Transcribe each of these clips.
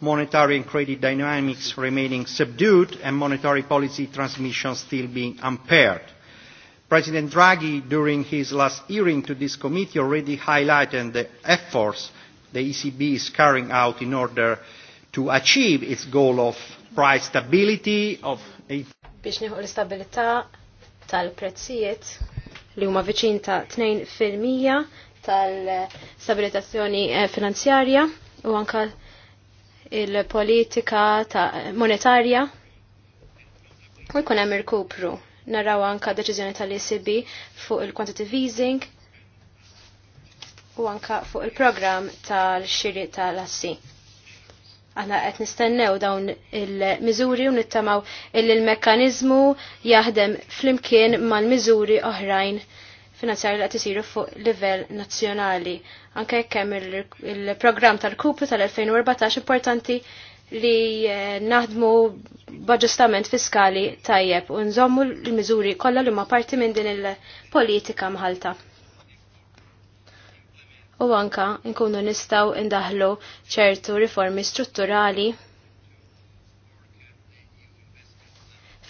monetary and credit dynamics remaining subdued and monetary policy transmission still being impaired. President Draghi, during his last hearing to this committee, already highlighted the efforts the ECB is carrying out in order to achieve its goal of price stability of biex nieħu l-istabilità tal-prezzijiet li huma viċin ta' 2% tal stabilitazzjoni eh, finanzjarja u anka il-politika ta' monetarja u jkun hemm irkupru. Naraw anka deċiżjoni tal-ECB fuq il-quantitative easing u anka fuq il-programm tal-xiri tal-assi. Aħna qed nistennew dawn il-miżuri u nittamaw il mekkaniżmu jaħdem flimkien mal-miżuri oħrajn finanzjarji li qed isiru fuq livell nazzjonali. Anke jekk hemm il-programm tal-kupru tal-2014 importanti li eh, naħdmu b'aġġustament fiskali tajjeb u nżommu l-miżuri kollha li huma parti minn din il-politika mħalta. U anka nkunu nistaw indaħlu ċertu riformi strutturali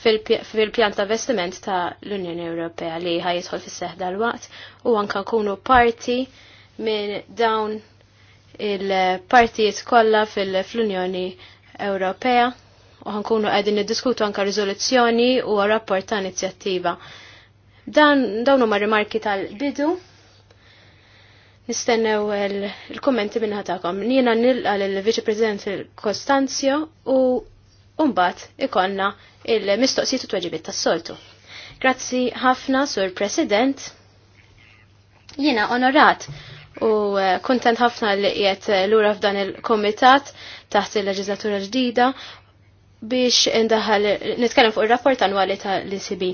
fil-pjan ta' vestiment ta' l-Unjoni Ewropea li jidħol fis seħ dal-waqt u anka kunu parti minn dawn il-partijiet kollha fil-Unjoni Ewropea u ħankunu qegħdin niddiskutu anka riżoluzzjoni u rapport ta' inizjattiva. Dan dawn huma rimarki tal-bidu. Nistennew il-kommenti minn ħatakom. Jiena nilqa l-Viċi President Costanzio u Umbat ikonna il-mistoqsijiet u tweġibiet tas-soltu. Grazzi ħafna, Sur President. Jiena onorat u eh, kuntent ħafna li qiegħed eh, lura f'dan il-komitat taħt il-leġislatura ġdida biex indaħal nitkellem fuq ir-rapport annwali tal-ICB.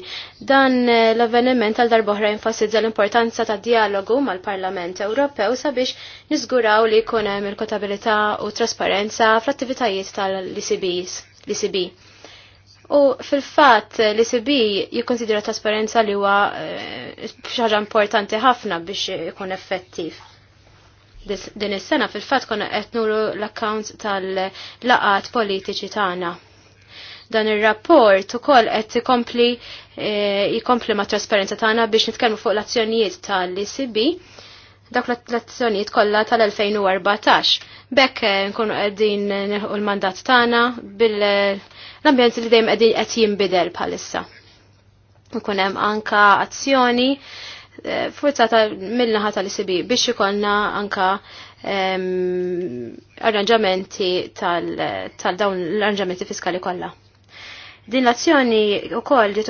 Dan eh, l-avveniment tal darboħra jinfasizza l-importanza ta' dialogu mal-Parlament Ewropew sabiex nizguraw li jkun hemm il-kotabilità u trasparenza fl-attivitajiet tal-ICBs l icb U fil-fat l icb jikonsidra trasparenza li huwa eh, xaġa importanti ħafna biex ikun effettiv. Din is-sena fil-fat konna qed nuru l-accounts tal-laqat politiċi tagħna. Dan ir-rapport ukoll qed ikompli eh, jkompli ma' trasparenza tagħna biex nitkellmu fuq l-azzjonijiet tal icb dak l-azzjonijiet kollha tal-2014. Bekk eh, nkunu qegħdin neħu l-mandat tagħna bil-ambjent li dejjem qegħdin qed jinbidel bħalissa. Nkun hemm anka azzjoni eh, forza mill-naħa tal-ICB biex ikollna anka arranġamenti tal-dawn l-arranġamenti fiskali kollha. Din l-azzjoni wkoll ġiet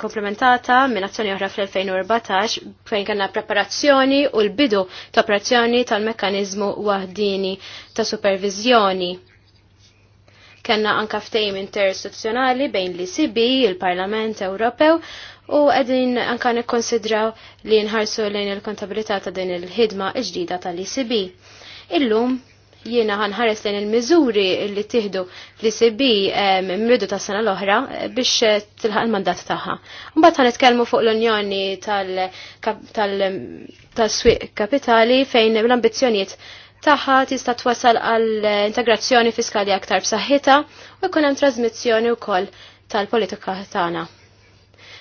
komplementata minn azzjoni oħra fl-2014 fejn kellna preparazzjoni u l-bidu ta' operazzjoni tal-mekkaniżmu waħdini ta' supervizjoni. Kenna anka ftejm interistituzzjonali bejn l-ICB, il-Parlament Ewropew u qegħdin anka nikkonsidraw li nħarsu lejn il-kontabilità ta' din il-ħidma ġdida tal-ICB. Illum jiena ħanħares lejn il-miżuri li tieħdu fl-ICB mridu tas sena l-oħra eh, biex eh, tilħaq il-mandat tagħha. Mbagħad ħanetkellmu fuq l-Unjoni tal-Swieq Kapitali fejn l-ambizzjonijiet tagħha tista' twasal għall eh, integrazzjoni fiskali aktar b'saħħitha u jkun hemm trasmizzjoni wkoll tal-politika tagħna.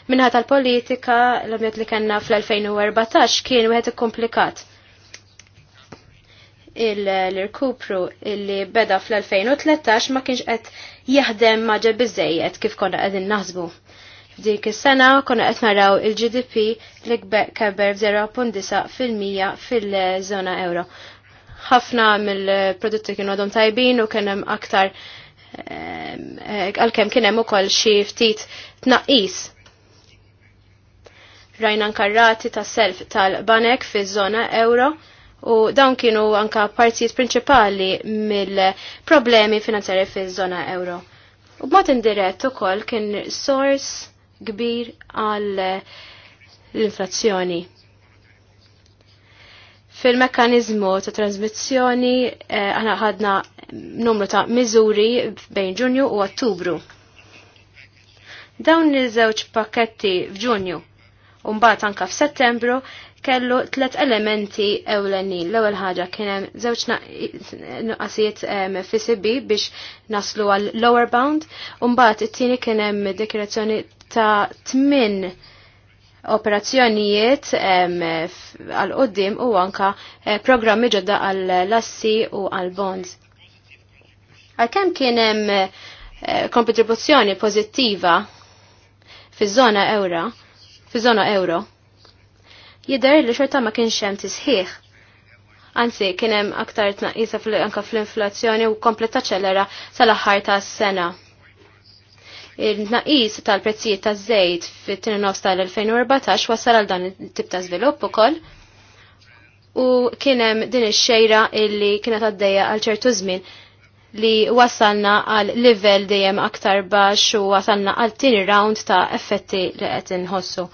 Minħa tal-politika l-omjot li kellna fl-2014 kien wieħed ikkomplikat l-irkupru illi beda fl-2013 ma kienx qed jaħdem maġa biżejjed kif konna qegħdin naħsbu. F'dik is-sena konna qed naraw il-GDP li keber b'0.9 fil-mija fil-żona euro. Ħafna mill-prodotti kienu għadhom tajbin u kien hemm aktar eh, għalkemm kien hemm ukoll xi ftit tnaqqis rajna nkarrati ta' self tal-banek fi zona euro U dawn kienu anka partijiet prinċipali mill-problemi finanzjari fiż-żona euro. U b'mod indirett ukoll kien sors kbir għal l-inflazzjoni. Fil-mekkanizmu ta' trasmissjoni eh, aħna ħadna numru ta' miżuri bejn Ġunju u Ottubru. Dawn iż-żewġ pakketti f'Ġunju u mbagħad anka f'Settembru kellu tlet elementi ewleni. L-ewwel ħaġa kien hemm żewġ FCB biex naslu għal lower bound, u mbagħad it-tieni kien hemm ta' tmin operazzjonijiet għal qoddim u anka eh, programmi ġodda għal lassi u għal bonds. Għalkemm kien hemm eh, kontribuzzjoni pożittiva fiż-żona euro, fiż-żona euro, jidher li xorta ma kienx hemm tisħiħ. Anzi, kien hemm aktar tnaqqisa anke fl-inflazzjoni u komplet taċċelera sal-aħħar tas-sena. Il-tnaqqis tal-prezzijiet taż-żejt fit-tieni nofs tal-2014 wassal għal dan it-tip ta' żvilupp ukoll u kien hemm din ix-xejra illi kienet għaddejja għal ċertu żmien li wasalna għal livell dejjem aktar baxx u wasalna għal tieni round ta' effetti li qed inħossu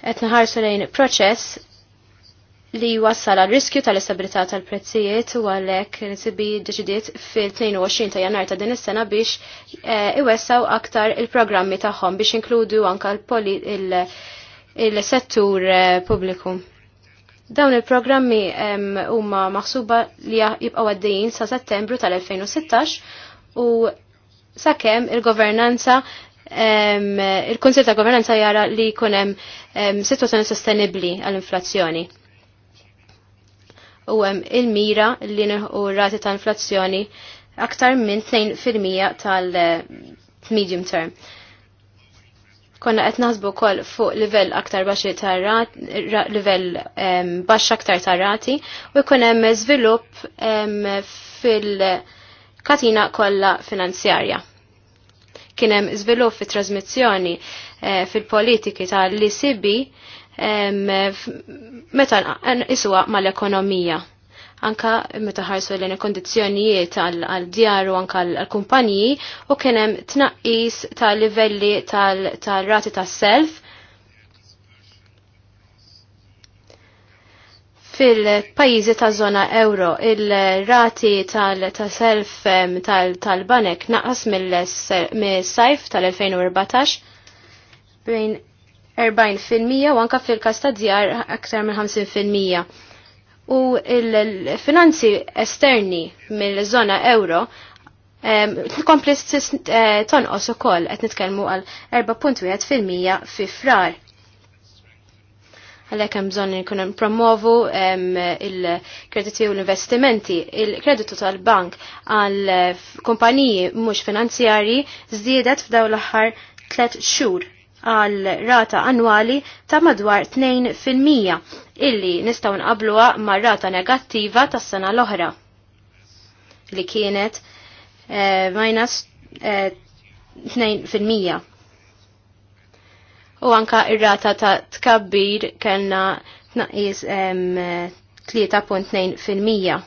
qed naħarsu lejn proċess li wassal għal riskju tal-istabilità tal-prezzijiet u għalhekk nisibi deċidiet fil-22 ta' jannar ta' din is-sena biex eh, iwessaw aktar il-programmi tagħhom biex inkludu anka il-settur eh, pubbliku. Dawn il-programmi huma maħsuba li jibqgħu għaddejjin sa' Settembru tal-2016 u sakemm il-governanza il-Kunsil ta' Governanza jara li jkun hemm sostenibli sostenibbli għall-inflazzjoni. U hemm il-mira li nħu rati ta' inflazzjoni aktar minn 2% tal-medium eh, term. Konna qed naħsbu wkoll fuq livell aktar baxx ta' livell baxx aktar ta' rati u jkun hemm żvilupp fil- katina kollha finanzjarja kien hemm iżvilupp fit trasmissjoni eh, fil-politiki tal-ECB meta isuwa mal-ekonomija. Anka meta ħarsu l kondizzjonijiet għal djaru anka għal kumpaniji u kien hemm tnaqqis tal-livelli tal-rati tas-self fil-pajizi ta' zona euro il-rati tal-self tal-banek naqas mill-sajf tal-2014 bejn 40% u anka fil kasta djar aktar minn 50%. U il-finanzi esterni mill-zona euro tkompli eh, tonqos ukoll qed nitkellmu għal 4.1% fi frar għalhekk hemm bżonn nkun promovu il-krediti u l-investimenti. Il-kreditu tal-bank għal kumpaniji mhux finanzjarji żdiedet f'daw l-aħħar tliet xhur għal rata annwali ta' madwar 2% illi nistaw nqabluha ma' rata negattiva tas-sena l-oħra li kienet eh, minus 2%. Eh, u anka ir-rata ta' tkabbir kellna tnaqqis 3.2%.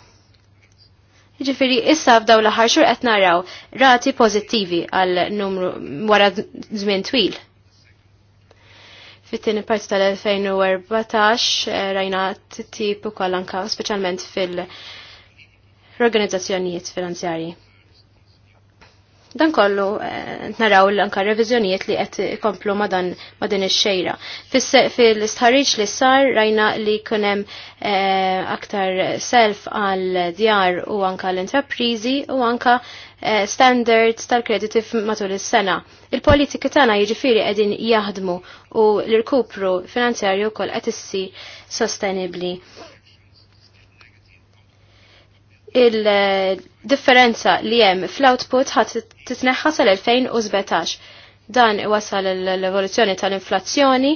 Iġifiri, issa f'daw l-aħħar xur qed naraw rati pożittivi għal numru wara żmien twil. Fit-tieni parti tal-2014 eh, rajna t-tip ukoll anka speċjalment fil-organizzazzjonijiet finanzjarji. Dan kollu eh, naraw l-anka revizjonijiet li qed komplu ma dan ma din ix-xejra. Fil-istħarriġ li sar rajna li kunem eh, aktar self għal djar u anka l-entreprizi u anka eh, standards tal-krediti matul is-sena. Il-politika tagħna jiġifieri qegħdin jaħdmu u l-irkupru finanzjarju wkoll qed issir sostenibbli il-differenza li hemm fl-output ħadd titneħħa sal-2017. Dan wasal l-evoluzzjoni tal-inflazzjoni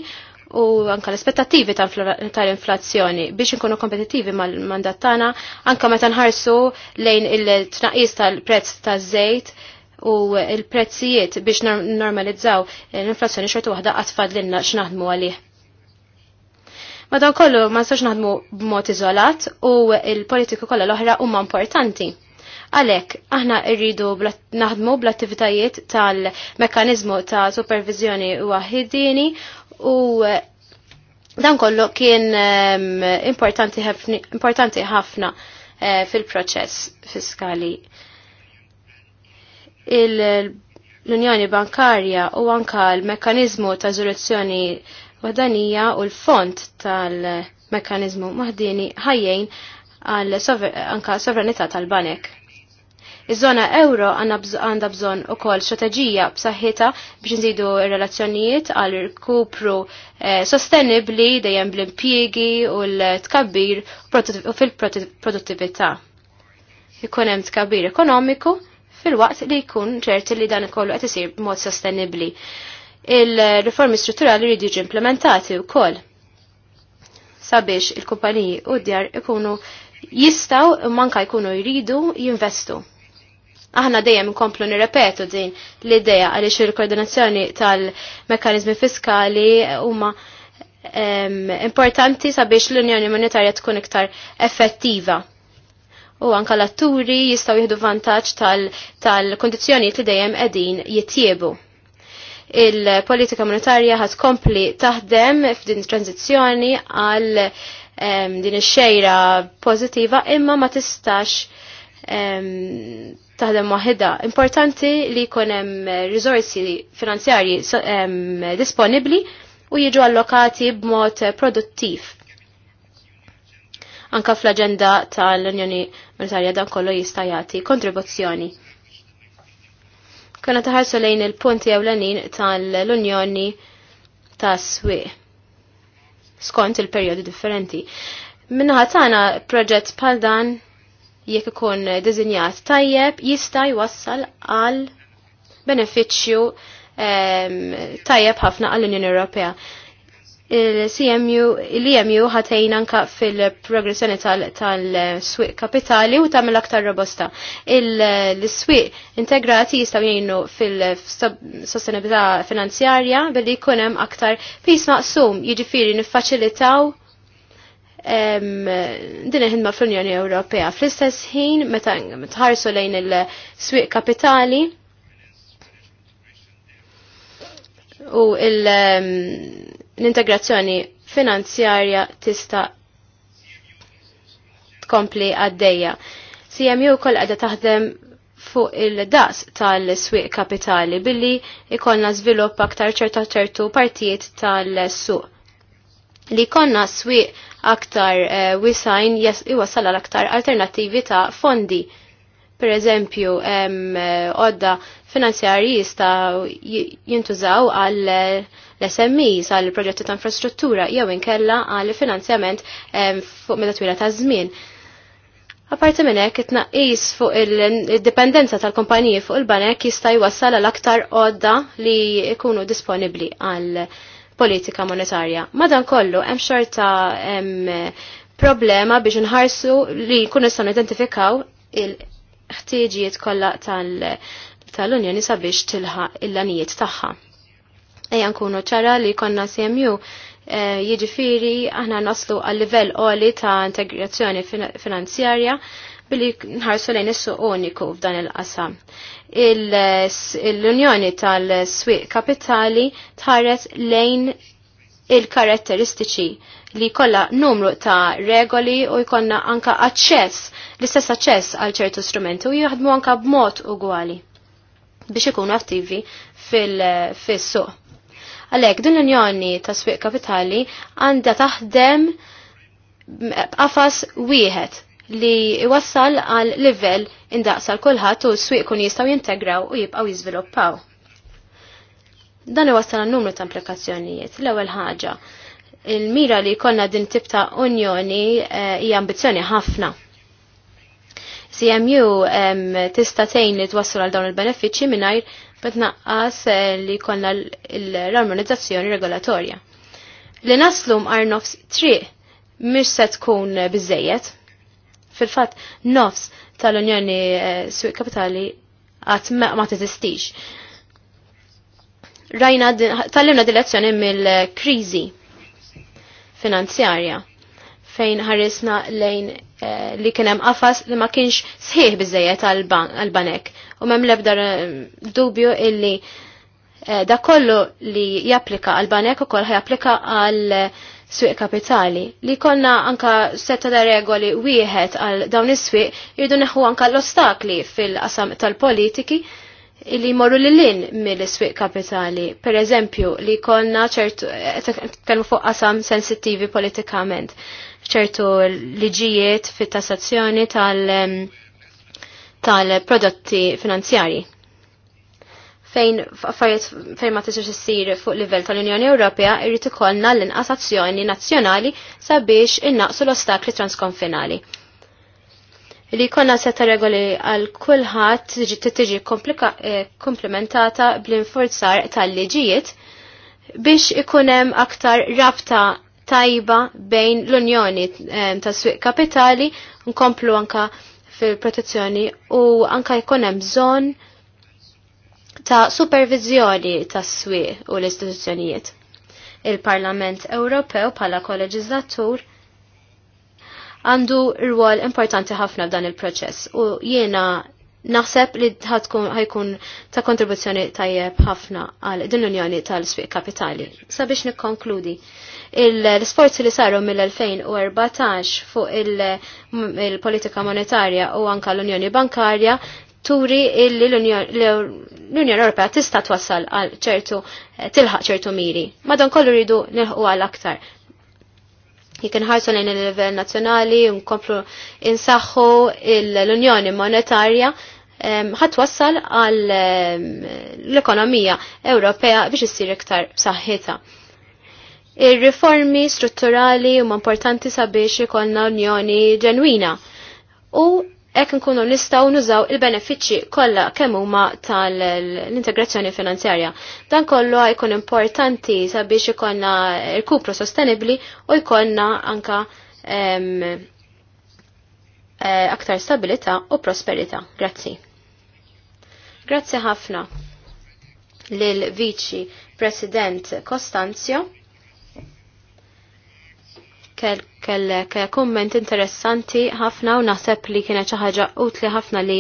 u anka l-aspettativi tal-inflazzjoni biex nkunu kompetittivi mal-mandat tagħna anka meta nħarsu lejn il-tnaqis tal-prezz taż-żejt u l-prezzijiet biex normalizzaw l-inflazzjoni xorta waħda għatfad l-inna x'naħdmu għalih dan kollu ma nistax naħdmu b'mod iżolat u il-politika kollha l-oħra huma importanti. Għalek, aħna irridu naħdmu bl-attivitajiet tal mekkaniżmu ta' supervizjoni u għahidini eh, u dan kollu kien ehm, importanti ħafna eh, fil-proċess fiskali. l-Unjoni Bankarja u anka l mekkaniżmu ta' żoluzzjoni wadanija u l-font tal-mekanizmu maħdini ħajjejn għal anka sovranità tal-banek. Iż-żona euro għandha bżonn ukoll strateġija b'saħħitha biex nżidu r-relazzjonijiet għal rkupru eh, sostenibbli dejjem bl-impjiegi u l-tkabbir u fil-produttività. Ikun hemm tkabbir ekonomiku fil-waqt li jkun ċerti li dan ikollu qed isir b'mod sostenibbli il-riformi strutturali rridu jiġu implementati wkoll sabiex il-kumpaniji u d-djar ikunu jistaw manka jkunu jridu jinvestu. Aħna dejjem nkomplu nirrepetu din l-idea għaliex il-koordinazzjoni tal-mekkanizmi fiskali huma importanti sabiex l-Unjoni Monetarja tkun iktar effettiva. U anka l-atturi jistaw jihdu vantaġġ tal-kondizzjonijiet li dejjem qegħdin jittiebu il-politika monetarja ħat kompli taħdem f'din tranzizzjoni għal din ix-xejra pożittiva imma ma tistax taħdem waħda. Importanti li jkun hemm riżorsi finanzjarji disponibbli u jiġu allokati b'mod produttiv anka fl-agenda tal-Unjoni Monetarja dan kollu jista' jagħti kontribuzzjoni. Kena taħarsu lejn il-punti ewlenin tal-Unjoni tas swie skont il-perjodi differenti. Minnaħa tagħna proġett bħal dan jekk ikun dizinjat tajjeb jista' jwassal għal benefiċċju ehm, tajjeb ħafna għall-Unjoni Ewropea il-CMU, il-EMU ħatejn anka fil-progressjoni tal-swiq kapitali u tagħmel aktar robusta. Il-swiq integrati jistgħu jgħinu fil-sostenibilità finanzjarja billi jkun hemm aktar fis maqsum, jiġifieri niffaċilitaw din il-ħidma fl-Unjoni Ewropea. Fl-istess ħin meta tħarsu lejn il-swiq kapitali u il- l-integrazzjoni finanzjarja tista' tkompli għaddejja. CMU kol għadha taħdem fuq il-daqs tal-swieq kapitali billi ikonna żvilupp aktar ċerta ċertu partijiet tal-suq. Li konna swieq aktar uh, wisajn iwassal għal aktar alternativi ta' fondi. Per eżempju, eh, odda finanzjarji jistaw jintużaw għal uh, l-SMEs għal proġetti ta' infrastruttura jew inkella għal finanzjament fuq meta twila ta' żmien. Apparti minn hekk it-tnaqqis fuq il-dipendenza tal-kumpaniji fuq il-banek jista' jwassal għal aktar għodda li jkunu disponibbli għal politika monetarja. Madan kollu hemm xorta problema biex nħarsu li jkunu nistgħu identifikaw il ħtiġijiet kollha tal-Unjoni sabiex tilħaq il-lanijiet tagħha. Ejja nkunu ċara li konna CMU e, eh, jiġifieri aħna naslu għal livell għoli ta' integrazzjoni finanzjarja billi nħarsu lejn is-suq uniku f'dan il-qasam. L-Unjoni il qasam l unjoni tal swiq Kapitali tħares lejn il-karatteristiċi li kolla numru ta' regoli u jkonna anka aċċess, l-istess aċċess għal ċertu strumenti u jaħdmu anka b'mod ugwali biex ikunu attivi fil-suq. Għalhekk din l-Unjoni ta' Swieq Kapitali għandha taħdem b'qafas wieħed li iwassal għal livell indaqsal kulħadd u s-swieq kun jistgħu jintegraw u jibqgħu jiżviluppaw. Dan iwassal għal numru ta' implikazzjonijiet. L-ewwel ħaġa, il-mira li jkollna din tip ta' unjoni eh, hija ambizzjoni ħafna. CMU tista' tgħin li twassal għal dawn il-benefiċċji mingħajr metnaqqas eh, li konna l-armonizzazzjoni regolatorja. Li naslu għar nofs triq mish se tkun bizzejet. Fil-fatt nofs tal-Unjoni eh, Suq Kapitali għat ma teżistix. Rajna tal-limna dilezzjoni mill-kriżi finanzjarja fejn ħarisna lejn eh, li kienem qafas li ma kienx sħiħ bizzejet għal-banek u mem lebda dubju illi eh, da kollu li japplika għal banek u koll japplika għal eh, swieq kapitali. Li konna anka setta da regoli wieħed għal dawn is-swieq jridu neħu anka l-ostakli fil-qasam tal-politiki li morru li lin mill-swieq kapitali. Per eżempju, li konna ċertu, kellu eh, fuq qasam sensittivi politikament, ċertu liġijiet fit-tassazzjoni tal- um, tal-prodotti finanzjari fejn affarijiet fejn ma tistax issir fuq livell tal-Unjoni Ewropea irrid ikollna l-inqas azzjoni nazzjonali sabiex innaqsu l-ostakli transkonfinali. Li jkollna seta regoli għal kulħadd tiġi eh, komplementata bl-infurzar tal-liġijiet biex ikun hemm aktar rabta tajba bejn l-Unjoni eh, tas-Swieq Kapitali nkomplu anka fil-protezzjoni u anka jkun hemm bżonn ta' supervizjoni ta' swi u l-istituzzjonijiet. Il-Parlament Ewropew bħala koleġislatur għandu rwol importanti ħafna f'dan il-proċess u jiena naħseb li ħajkun ta' kontribuzzjoni tajjeb ħafna għal din l-Unjoni tal-Swiq Kapitali. Sabiex nikkonkludi, l-sforzi li saru mill-2014 fuq il-politika monetarja u anka l-Unjoni Bankarja turi illi l-Unjoni Ewropea tista' twassal għal ċertu tilħaq ċertu miri. Madan kollu rridu nilħu għal aktar. Jek inħarsu lejn il-livell nazzjonali, nkomplu insaħħu l-Unjoni Monetarja ħat wassal għal l-ekonomija Ewropea biex issir iktar b'saħħitha. Ir-riformi strutturali huma importanti sabiex ikollna unjoni ġenwina u hekk nkunu nistgħu nużaw il-benefiċċji kollha kemm huma tal-integrazzjoni finanzjarja. Dan kollu jkun importanti sabiex ikollna rkupru sostenibbli u jkollna anka em, eh, aktar stabilità u prosperità. Grazzi. Grazzi ħafna lil viċi President Costanzio kellek komment interessanti ħafna u naħseb li kienet xi ħaġa utli ħafna li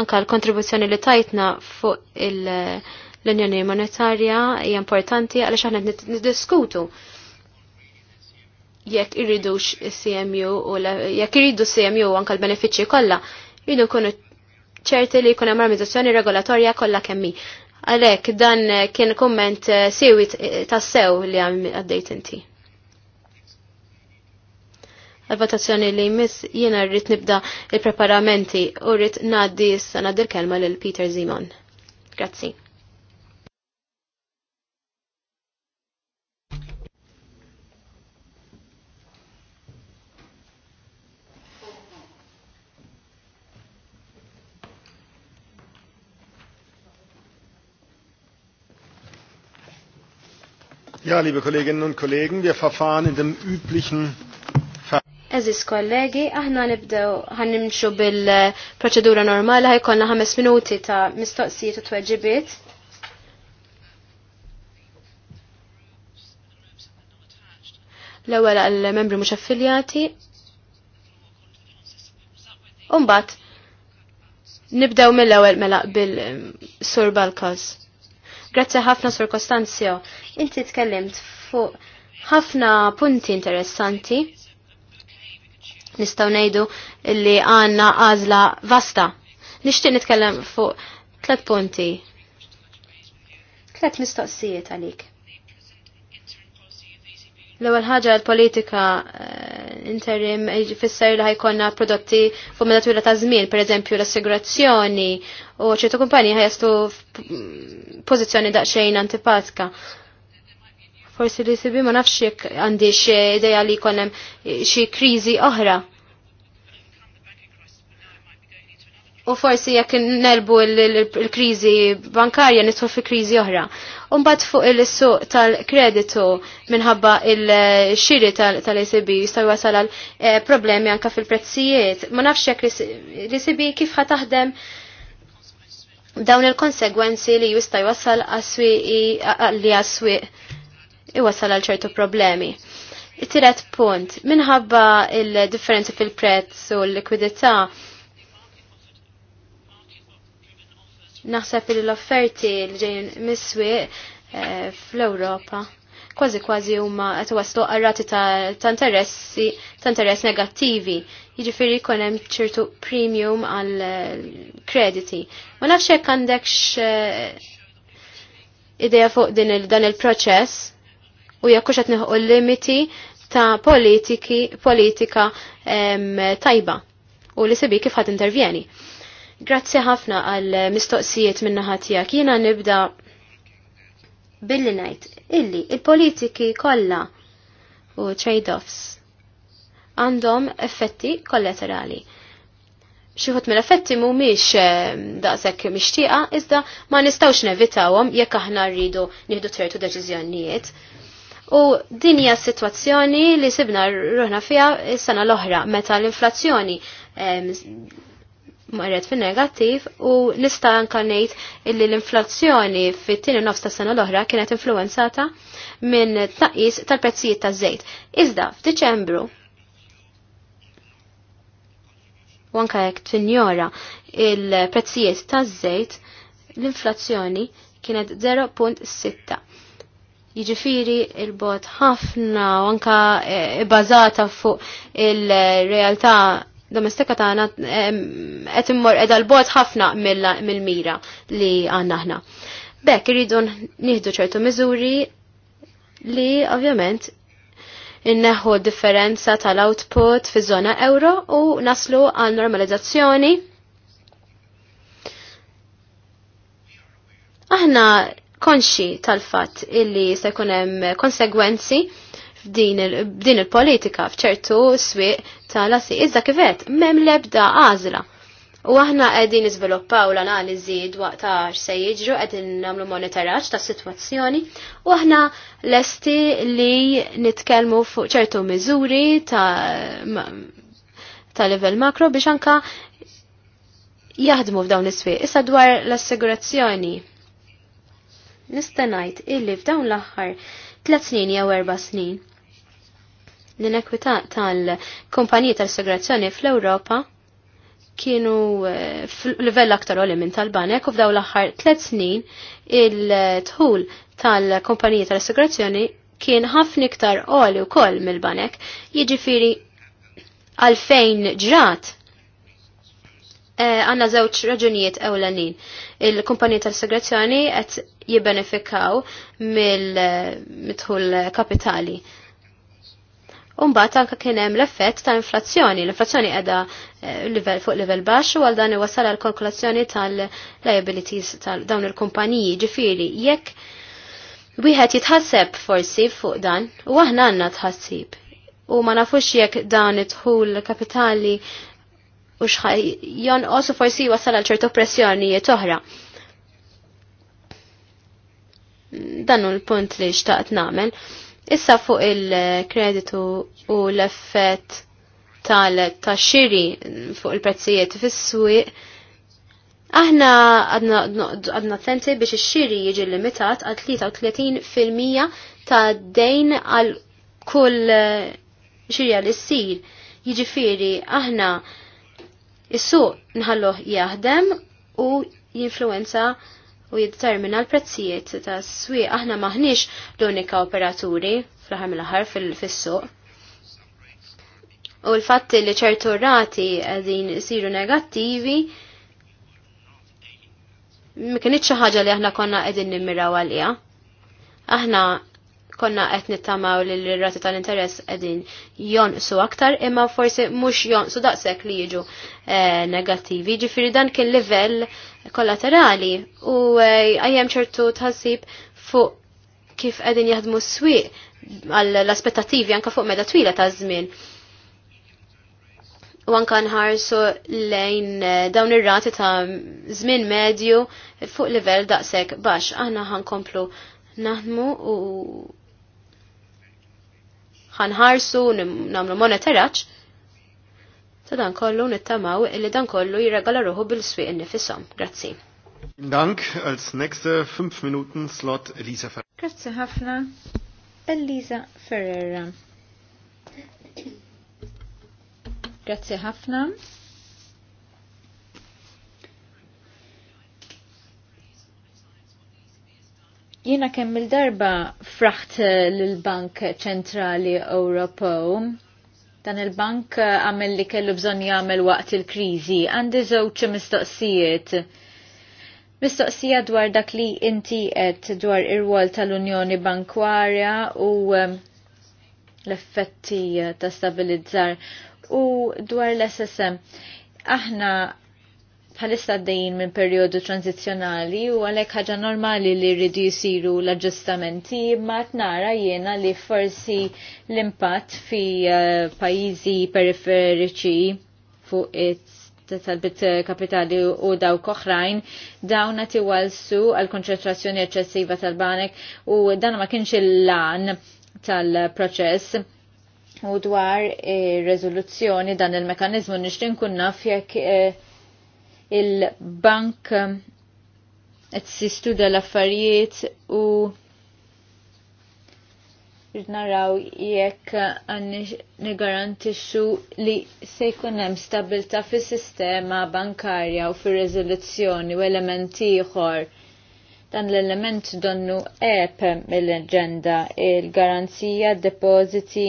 anka l-kontribuzzjoni li tajtna fuq l-Unjoni Monetarja hija importanti għaliex aħna niddiskutu jekk irridux CMU u jekk irridu CMU anka l-benefiċċji kollha jridu nkunu ċerti li jkun hemm armonizzazzjoni regolatorja kollha kemmi. Għalhekk dan kien komment eh, siwi eh, tassew li għaddejt inti għal-votazzjoni li jmiss jiena rrit nibda il-preparamenti u rrit naddi s-sana kelma l Peter Zimon. Grazzi. Ja, liebe Kolleginnen und Kollegen, wir verfahren in dem üblichen Eżis kollegi, aħna nibdew ħannimxu bil-proċedura normali, ħajkonna ħames minuti ta' mistoqsijiet u tweġibiet. L-ewwel għall-membri mhux affiljati. Umbagħad Nibdew mill-ewwel mela bil-Sur Balkas. Grazzi ħafna Sur Kostanzio. Inti tkellimt fuq ħafna punti interessanti nistaw nejdu li għanna għazla vasta. Nishtiq nitkellem fuq tlet punti. Tlet mistoqsijiet għalik. L-ewwel ħaġa l-politika eh, interim jfisser li ħajkonna prodotti fuq meta twila ta' żmien, pereżempju l-assigurazzjoni u ċertu kumpanji ħajastu pożizzjoni daqsxejn antipatika forsi li sibi ma nafx jekk għandi xie ideja li konem xie krizi oħra. U forsi jekk nelbu l-krizi bankarja nitħu fi krizi oħra. Umbat fuq il-suq tal-kreditu minħabba il-xiri tal-ECB jistaw għasal għal eh, problemi anka fil-prezzijiet. Ma nafx jekk l-ECB kif ħataħdem taħdem dawn il-konsegwenzi li jista' għasal għaswi li għaswi Iwassal għal ċertu problemi. It-tiret punt, minħabba il-differenzi fil-prezz u l-likwidità, naħseb l-offerti li ġejn miswi eh, fl-Ewropa kważi kważi huma qed waslu qarrati ta' interessi ta' interess negattivi. Jiġifieri jkun hemm ċertu premium għal eh, krediti. Ma nafx hekk għandekx eh, idea fuq din il dan il-proċess u jekk hux qed l limiti ta' politiki, politika em, tajba u li sebi kif ħad intervjeni. Grazzi ħafna għal mistoqsijiet minna ħatijak. Jina nibda billi najt illi il-politiki kolla u trade-offs għandhom effetti kollaterali. Xieħut mill effetti miex eh, daqsek mixtieqa, iżda ma nistawx nevitawhom jekk aħna rridu nieħdu tertu deċiżjonijiet U din hija situazzjoni li sibna ruħna fiha s-sena l-oħra meta l-inflazzjoni marret fin negattiv u nista' anka ngħid illi l-inflazzjoni fit-tieni nofs ta' sena l-oħra kienet influenzata minn tnaqqis tal-prezzijiet taż-żejt. Iżda f'Diċembru u anka jekk tinjora il-prezzijiet taż-żejt l-inflazzjoni kienet 0.6 Jiġifieri il-bot ħafna u anka eh, bbażata fuq il-realtà domestika tagħna qed immor edha l-bot ħafna mill-mira li għandna aħna. Bek, irridu nieħdu ċertu miżuri li ovvjament inneħu differenza tal-output fi zona euro u naslu għal normalizzazzjoni. Aħna konxi tal-fatt illi se jkun hemm konsegwenzi f'din il-politika f'ċertu swieq tal-assi. Iżda kifet, mem lebda għażla. U aħna qegħdin niżviluppaw l-analiżi dwaq ta' se jiġru qegħdin nagħmlu monitoraġġ ta' sitwazzjoni u aħna lesti li nitkellmu fuq ċertu miżuri ta' ta' level makro biex anka jaħdmu f'dawn is-swieq. Issa dwar l-assigurazzjoni nista' ngħid illi f'dawn l-aħħar tliet snin jew erba' snin. L-inekwità tal-kumpaniji tal-segrazzjoni fl-Ewropa kienu eh, f'livell aktar għolim minn tal-banek u f'daw l-aħħar tliet snin il-tħul tal-kumpaniji tal segrazzjoni kien ħafna iktar għoli u koll mill-banek, jiġifiri għalfejn ġrat. Eh, Għanna zewċ raġunijiet ewlenin. Il-kumpanija tal segrazzjoni għet jibbenefikaw mill mitħul kapitali. Umbat anka kien hemm l-effett ta' inflazzjoni. L-inflazzjoni qiegħda eh, level fuq level baxx u għal dan iwassal għal kalkulazzjoni tal-liabilities tal dawn il-kumpaniji. Ġifieri jekk wieħed jitħasseb forsi fuq dan u aħna għandna tħassib. U ma nafux jekk dan itħul kapitali u xħaj jon osu forsi wasal għal ċertu pressjonijiet oħra dan l-punt li xtaqt namel. Issa fuq il-kreditu u l-effett tal xiri fuq il-prezzijiet fis-swieq, aħna għadna attenti biex ix-xiri jiġi limitat għal 33% ta' dejn għal kull xirja li ssir. Jiġifieri aħna is-suq nħalluh jaħdem u jinfluenza u jiddetermina l-prezzijiet ta' s-swieq aħna maħniex l-unika operaturi fl-aħħar mill ħar fis-suq. U l-fatt li ċertu rati għedin siru negattivi ma kienx xi ħaġa li aħna konna qegħdin nimmiraw għalija. Aħna konna qed nittamaw li l-rati tal-interess qegħdin jonqsu aktar imma forsi mhux jonqsu daqshekk li jiġu eh, negattivi. Ġifieri dan kien livell kollaterali u eh, għajem ċertu tħassib fuq kif qegħdin jaħdmu s-swieq għall-aspettativi anka fuq meda twila ta' żmien. U anka nħarsu lejn eh, dawn ir-rati ta' żmien medju fuq livell daqshekk baxx aħna ħankomplu naħdmu u ħanħarsu namlu monetaraċ. Ta' dan kollu nittamaw illi dan kollu jirregala ruħu bil-swieq nifisom. Grazzi. Dank, als nächste 5 Minuten Slot Elisa Ferreira. Grazzi ħafna, Elisa Ferrera. Grazzi ħafna. Jiena kemm il-darba fraħt l-Bank Ċentrali Ewropew dan il-bank eh, għamil li kellu bżon jagħmel waqt il-kriżi. Għandi żewġ mistoqsijiet. Mistoqsija dwar dak li inti qed dwar ir-rwol tal-Unjoni Bankwarja u eh, l-effetti eh, ta' stabilizzar u dwar l-SSM. Aħna bħalissa għaddejjin minn periodu tranzizjonali u għalek ħaġa normali li rridu jisiru l-aġġustamenti ma nara jiena li forsi l-impatt fi eh, pajizi periferiċi fuq it-talbit kapitali u daw koħrajn dawn għati walsu għal konċentrazzjoni eccessiva tal-banek u dan ma kienx il-lan tal-proċess u dwar eh, rezoluzzjoni dan il-mekanizmu nixtin kunna fjek eh, il-bank qed um, sistuda l-affarijiet u naraw jekk nigarantixxu li se jkun hemm stabilta fis-sistema bankarja u fir-riżoluzzjoni u elementi ieħor dan l-element donnu ep mill-agenda il-garanzija depositi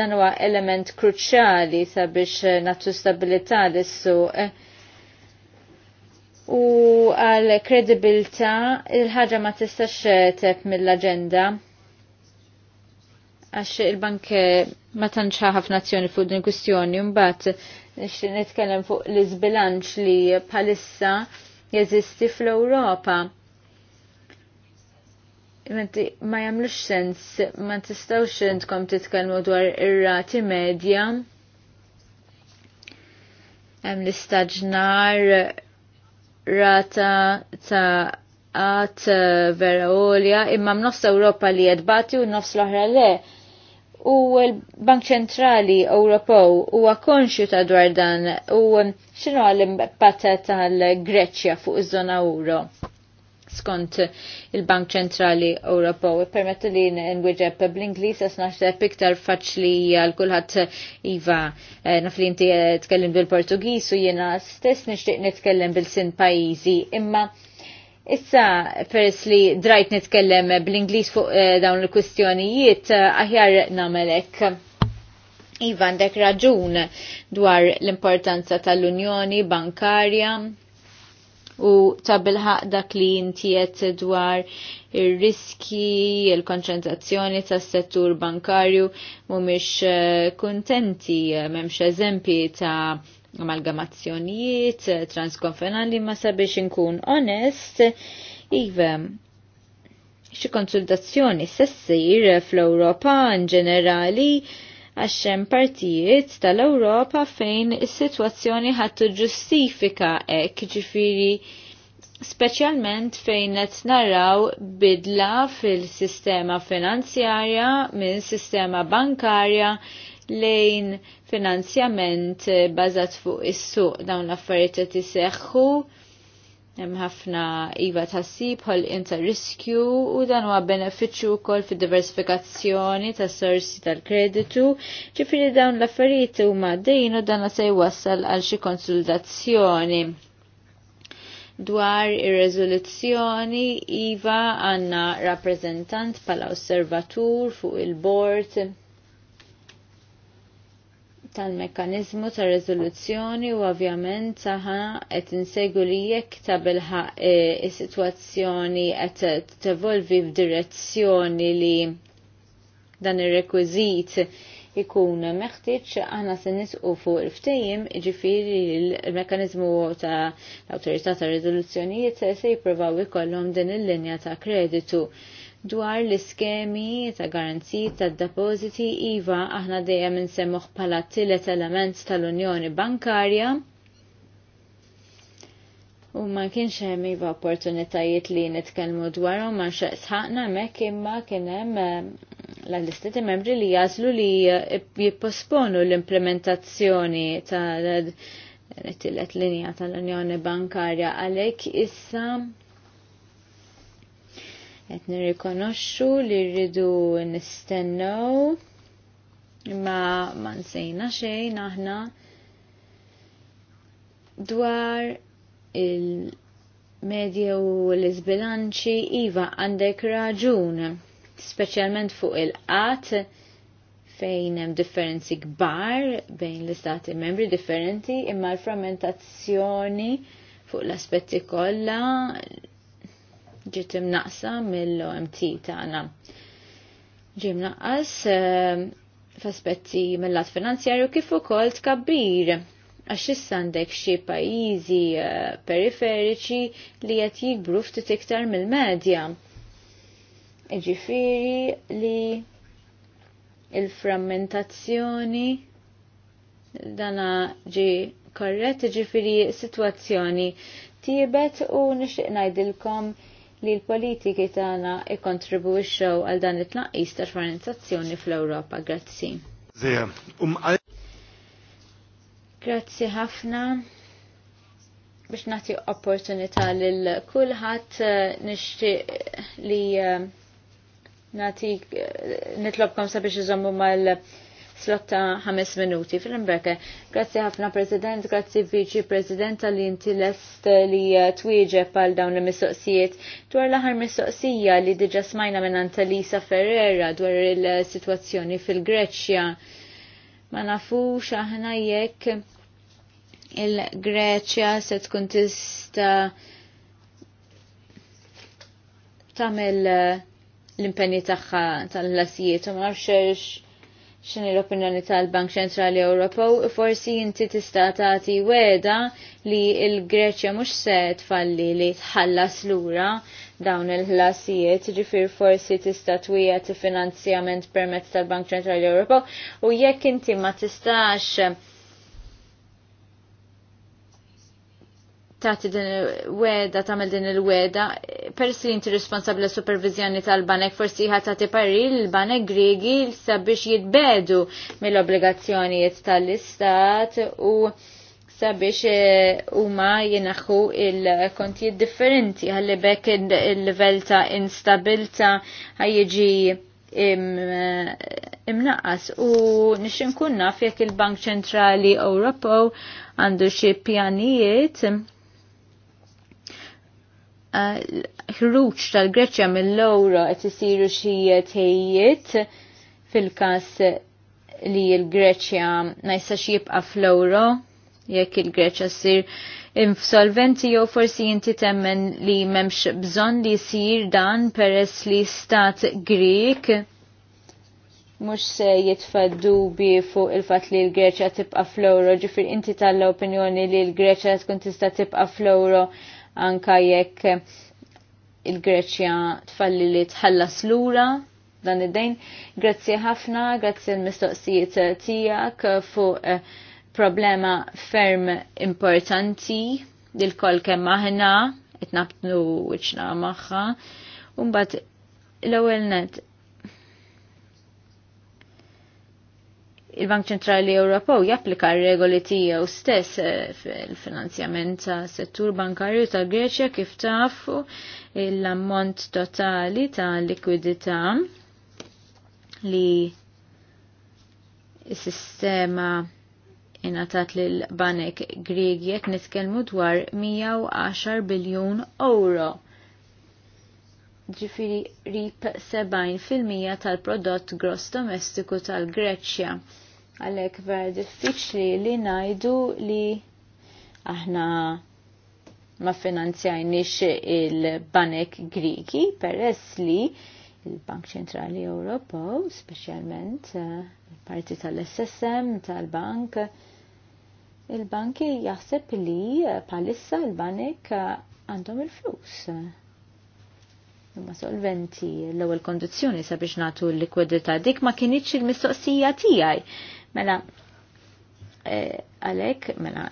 dan huwa element kruċjali sabiex natu stabilità l-suq u għal kredibilta il-ħagġa ma tistax tep mill-agenda għax il-bank ma tantx ħafna azzjoni fuq din kwistjoni mbagħad nitkellem fuq l-iżbilanċ li bħalissa jeżisti fl-Ewropa. Ma jagħmlux sens, ma tistgħux intkom titkellmu dwar ir-rati medja. Hemm l-istaġnar rata ta' għat eh, vera olja imma mnofs Ewropa li jadbati u nofs l-oħra le. U l-Bank Ċentrali Ewropew huwa konxju ta' dwar dan u x'inhu għal impatt tal-Greċja fuq iż-żona euro skont il-Bank Ċentrali Ewropew. Permettu li nwiġeb bl-Inglis għas naħseb iktar faċli għal kulħadd iva eh, naf li inti eh, tkellem bil-Portugiż u jiena stess nixtieq nitkellem bil-sin pajjiżi imma Issa, peress li drajt nitkellem bl-Inglis fuq eh, dawn il-kwistjonijiet, aħjar namelek. Iva, għandek raġun dwar l-importanza tal-Unjoni Bankarja, u ta' dak li intiet dwar ir-riski, il konċentrazzjoni tas settur bankarju mhumiex eh, kuntenti m'hemmx eżempi ta' amalgamazzjonijiet eh, transkonfenali ma sabiex inkun onest, iva xi konsultazzjoni sessir fl-Ewropa in ġenerali għaxem partijiet tal-Ewropa fejn is-sitwazzjoni ħattu ġustifika hekk ġifiri specialment fejn qed naraw bidla fil-sistema finanzjarja minn sistema bankarja lejn finanzjament bażat fuq is-suq dawn l-affarijiet li iseħħu hemm ħafna iva tassib ħol inta riskju u dan huwa benefiċċju wkoll fid-diversifikazzjoni tas sorsi tal-kreditu. Ġifieri dawn l-affarijiet huma dejn u dan se jwassal għal xi konsultazzjoni dwar ir reżoluzzjoni iva għandna rappreżentant bħala osservatur fuq il-bord tal mekanizmu ta' rezoluzzjoni u ovvjament taħa qed insegu li jekk ta' e, is-sitwazzjoni qed tevolvi f'direzzjoni li dan ir-rekwiżit ikun meħtieġ aħna se nisqu fuq il-ftejjem ġifieri l-mekkaniżmu ta' l-awtorità ta' riżoluzzjonijiet se jippruvaw ikollhom din il-linja ta' kreditu dwar l-iskemi ta' garanziji ta' depositi IVA aħna dejjem insemmuh bħala tillet element tal-Unjoni Bankarja. U ma kienx hemm iva opportunitajiet li nitkellmu dwarhom ma xaqsħaqna hemmhekk imma kien hemm l-istati membri li jazlu li jipposponu l-implementazzjoni ta' l-tillet linja tal-Unjoni Bankarja għalhekk issa Et nirrikonoxxu li rridu nistennew imma ma nsejna xejn aħna dwar il-medja u l-izbilanċi iva għandek raġun, speċjalment fuq il-qat fejn hemm differenzi kbar bejn l-istati membri differenti imma l-frammentazzjoni fuq l-aspetti kollha ġiet imnaqsa mill-OMT tagħna. Ġim naqqas eh, f'aspetti mill-lat finanzjarju kif ukoll tkabbir għax issa għandek xi pajjiżi eh, periferiċi li qed jikbru ftit iktar mill-medja. Ġifiri li il-frammentazzjoni dana ġi korret ġifiri situazzjoni tibet u nixtieq ngħidilkom li l-politiki tagħna ikkontribwixxew għal dan it-tnaqqis ta' xmanizzazzjoni fl-Ewropa. Grazzi. Um, Grazzi ħafna biex nagħti opportunità lil kulħadd eh, nixtieq li eh, nagħtik eh, nitlobkom sabiex iżommu mal- slot ta' minuti fil-imbreke. Grazzi ħafna President, grazzi Viċi President li inti lest eh, li eh, twieġeb għal dawn il-mistoqsijiet. Dwar l-aħar mistoqsija li diġa smajna minn Antalisa Ferrera dwar il-situazzjoni fil-Greċja. Ma nafux aħna jekk il-Greċja se tkun tista' tagħmel eh, l-impenni tagħha tal-lasijiet u ma nafx xini l-opinjoni tal-Bank Ċentrali Ewropew, forsi inti tista' tagħti weda li l-Greċja mhux se tfalli li tħallas lura dawn il-ħlasijiet, ġifir forsi tista' twija finanzjament permezz tal-Bank Ċentrali Ewropew u jekk inti ma tistax tagħti din il weda tagħmel din il-weda, persi jinti responsabbli supervizjoni tal-banek forsi ħadd tagħti parri l-banek Griegi sabiex jitbedu mill-obbligazzjonijiet tal-istat u sabiex eh, huma jinaħu il-kontijiet differenti ħalli bekk il-livell ta' instabilta ħajġi eh, imnaqas u nixin kunna fjek il-Bank Ċentrali Ewropew għandu xie pjanijiet Eh, ħruġ tal-Greċja mill-lowra qed isiru xi tejjiet fil-każ li l-Greċja ma jistax jibqa' fl lowra jekk il-Greċja ssir insolventi jew forsi inti temmen li m'hemmx bżonn li jsir dan peress li stat Grik mux se jitfaddu bi fuq il-fat li l greċja tibqa fl lowra ġifir inti tal-opinjoni li l greċja tkun tista tibqa fl lowra anka jekk il-Greċja tfalli li tħallas lura dan id-dejn. Grazzi ħafna, grazzi l-mistoqsijiet tijak fuq eh, problema ferm importanti dil-kol kemm aħna, itnabtnu wiċna maħħa. Umbat l-ewel net, il-Bank Ċentrali Ewropew japplika r-regoli tiegħu stess eh, fil-finanzjament ta' settur bankarju ta' Greċja kif tafu l-ammont totali ta' likwidità li s-sistema inatat lil banek jekk nitkellmu dwar 110 biljun euro ġifiri rip 70% tal-prodott gross domestiku tal-Greċja. Għalek vera diffiċli li najdu li aħna ma finanzjajniex il-banek Griki peress li il-Bank Ċentrali Ewropa, speċjalment eh, il-parti tal-SSM tal-bank, il-banki jaħseb li eh, palissa il-banek eh, għandhom il-flus. Ma solventi l-ewwel kondizzjoni sabiex nagħtu l-likwidità dik ma kienitx il-mistoqsija tiegħi Mela, eh, għalek, mela,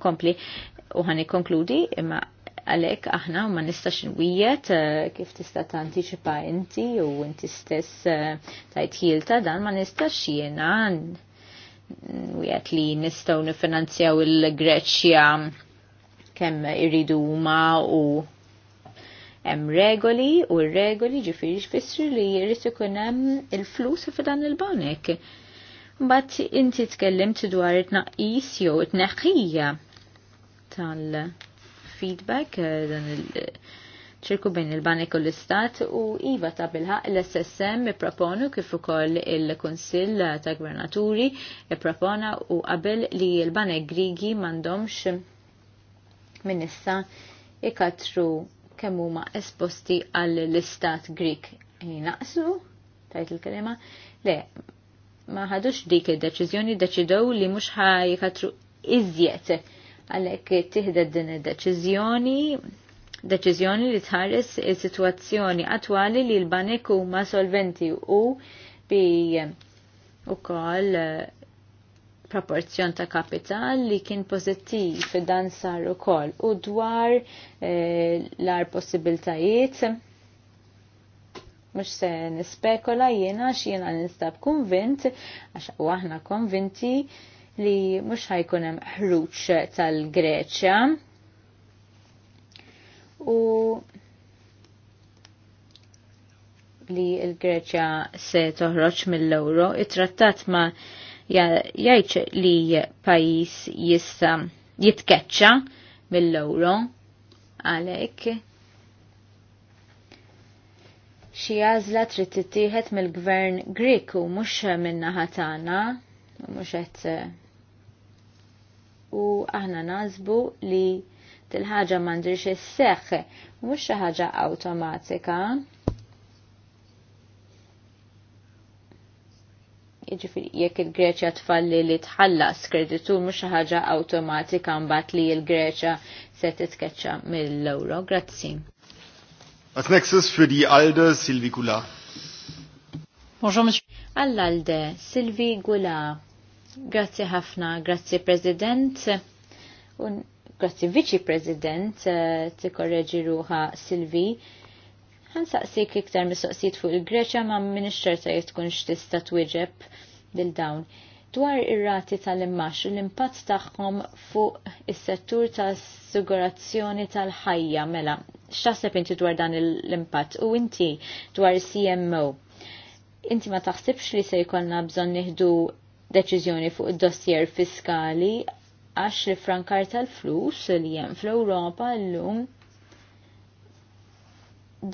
kompli u ħan konkludi, imma għalek aħna ma nistax nwijet eh, kif tista' tantiċipa inti u inti stess eh, tajt ħilta dan ma nistax jiena wieħed li nistgħu nifinanzjaw il-Greċja kemm irridu huma u hemm regoli u r-regoli ġifieri jfissru li jrid ikun hemm il-flus f'dan il-banek. il flus f'dan il banek fdan il banek Mbagħad inti tkellimt dwar it-naqis jew it-neħħija tal-feedback eh, dan il- ċirku bejn il-banek u l-istat u iva ta' bilħaq l-SSM proponu kif ukoll il-Kunsill ta' Gvernaturi propona u qabel li l-banek Grigi mandomx minn issa ikatru kemm huma esposti għall l-istat Grik jinaqsu tajt il-kelima le ma ħadux dik id-deċiżjoni deċidew li mhux ħajkatru iżjed għalhekk tiħded din id-deċiżjoni deċiżjoni li tħares is-sitwazzjoni attwali li l-banek huma solventi u bi koll eh, proporzjon ta' kapital li kien pozittiv dan sar ukoll u dwar eh, l-ar possibiltajiet mux se nispekola jena xiena nistab konvint, għax aħna konvinti li mux ħajkunem ħruċ tal-Greċja. U li l-Greċja se toħroġ mill-euro, it-trattat ma jajċ li pajis jista jitkeċċa mill-euro għalek xi għażla trid tittieħed mill-gvern Grik u mhux minnaħa tagħna u mhux qed eh, u aħna nażbu li til-ħaġa m'għandix isseħħ mhux xi ħaġa awtomatika. Jiġifieri jekk il-Greċja tfalli li tħallas kreditu mhux xi ħaġa awtomatika mbagħad li l-Greċja se titkeċċa mill-ewro. Grazzi. Als nächstes für die ALDE Sylvie Goulard. Bonjour, monsieur. All-ALDE, Sylvie Goulard. Grazie ħafna, grazie President. Un grazzi Viċi President eh, tikkorreġi ruħa Silvi. Ħansaqsik iktar mistoqsijiet fuq il-Greċja ma' minister ta' jitkun x'tista' twieġeb lil dawn. Dwar ir-rati tal-immax l-impatt tagħhom fuq is-settur tas-sigurazzjoni tal-ħajja mela x'taħseb inti dwar dan l-impatt u inti dwar CMO. Inti ma taħsibx li se jkollna bżonn nieħdu deċiżjoni fuq id-dossier fiskali għax li frankar tal-flus li jem fl-Europa l-lum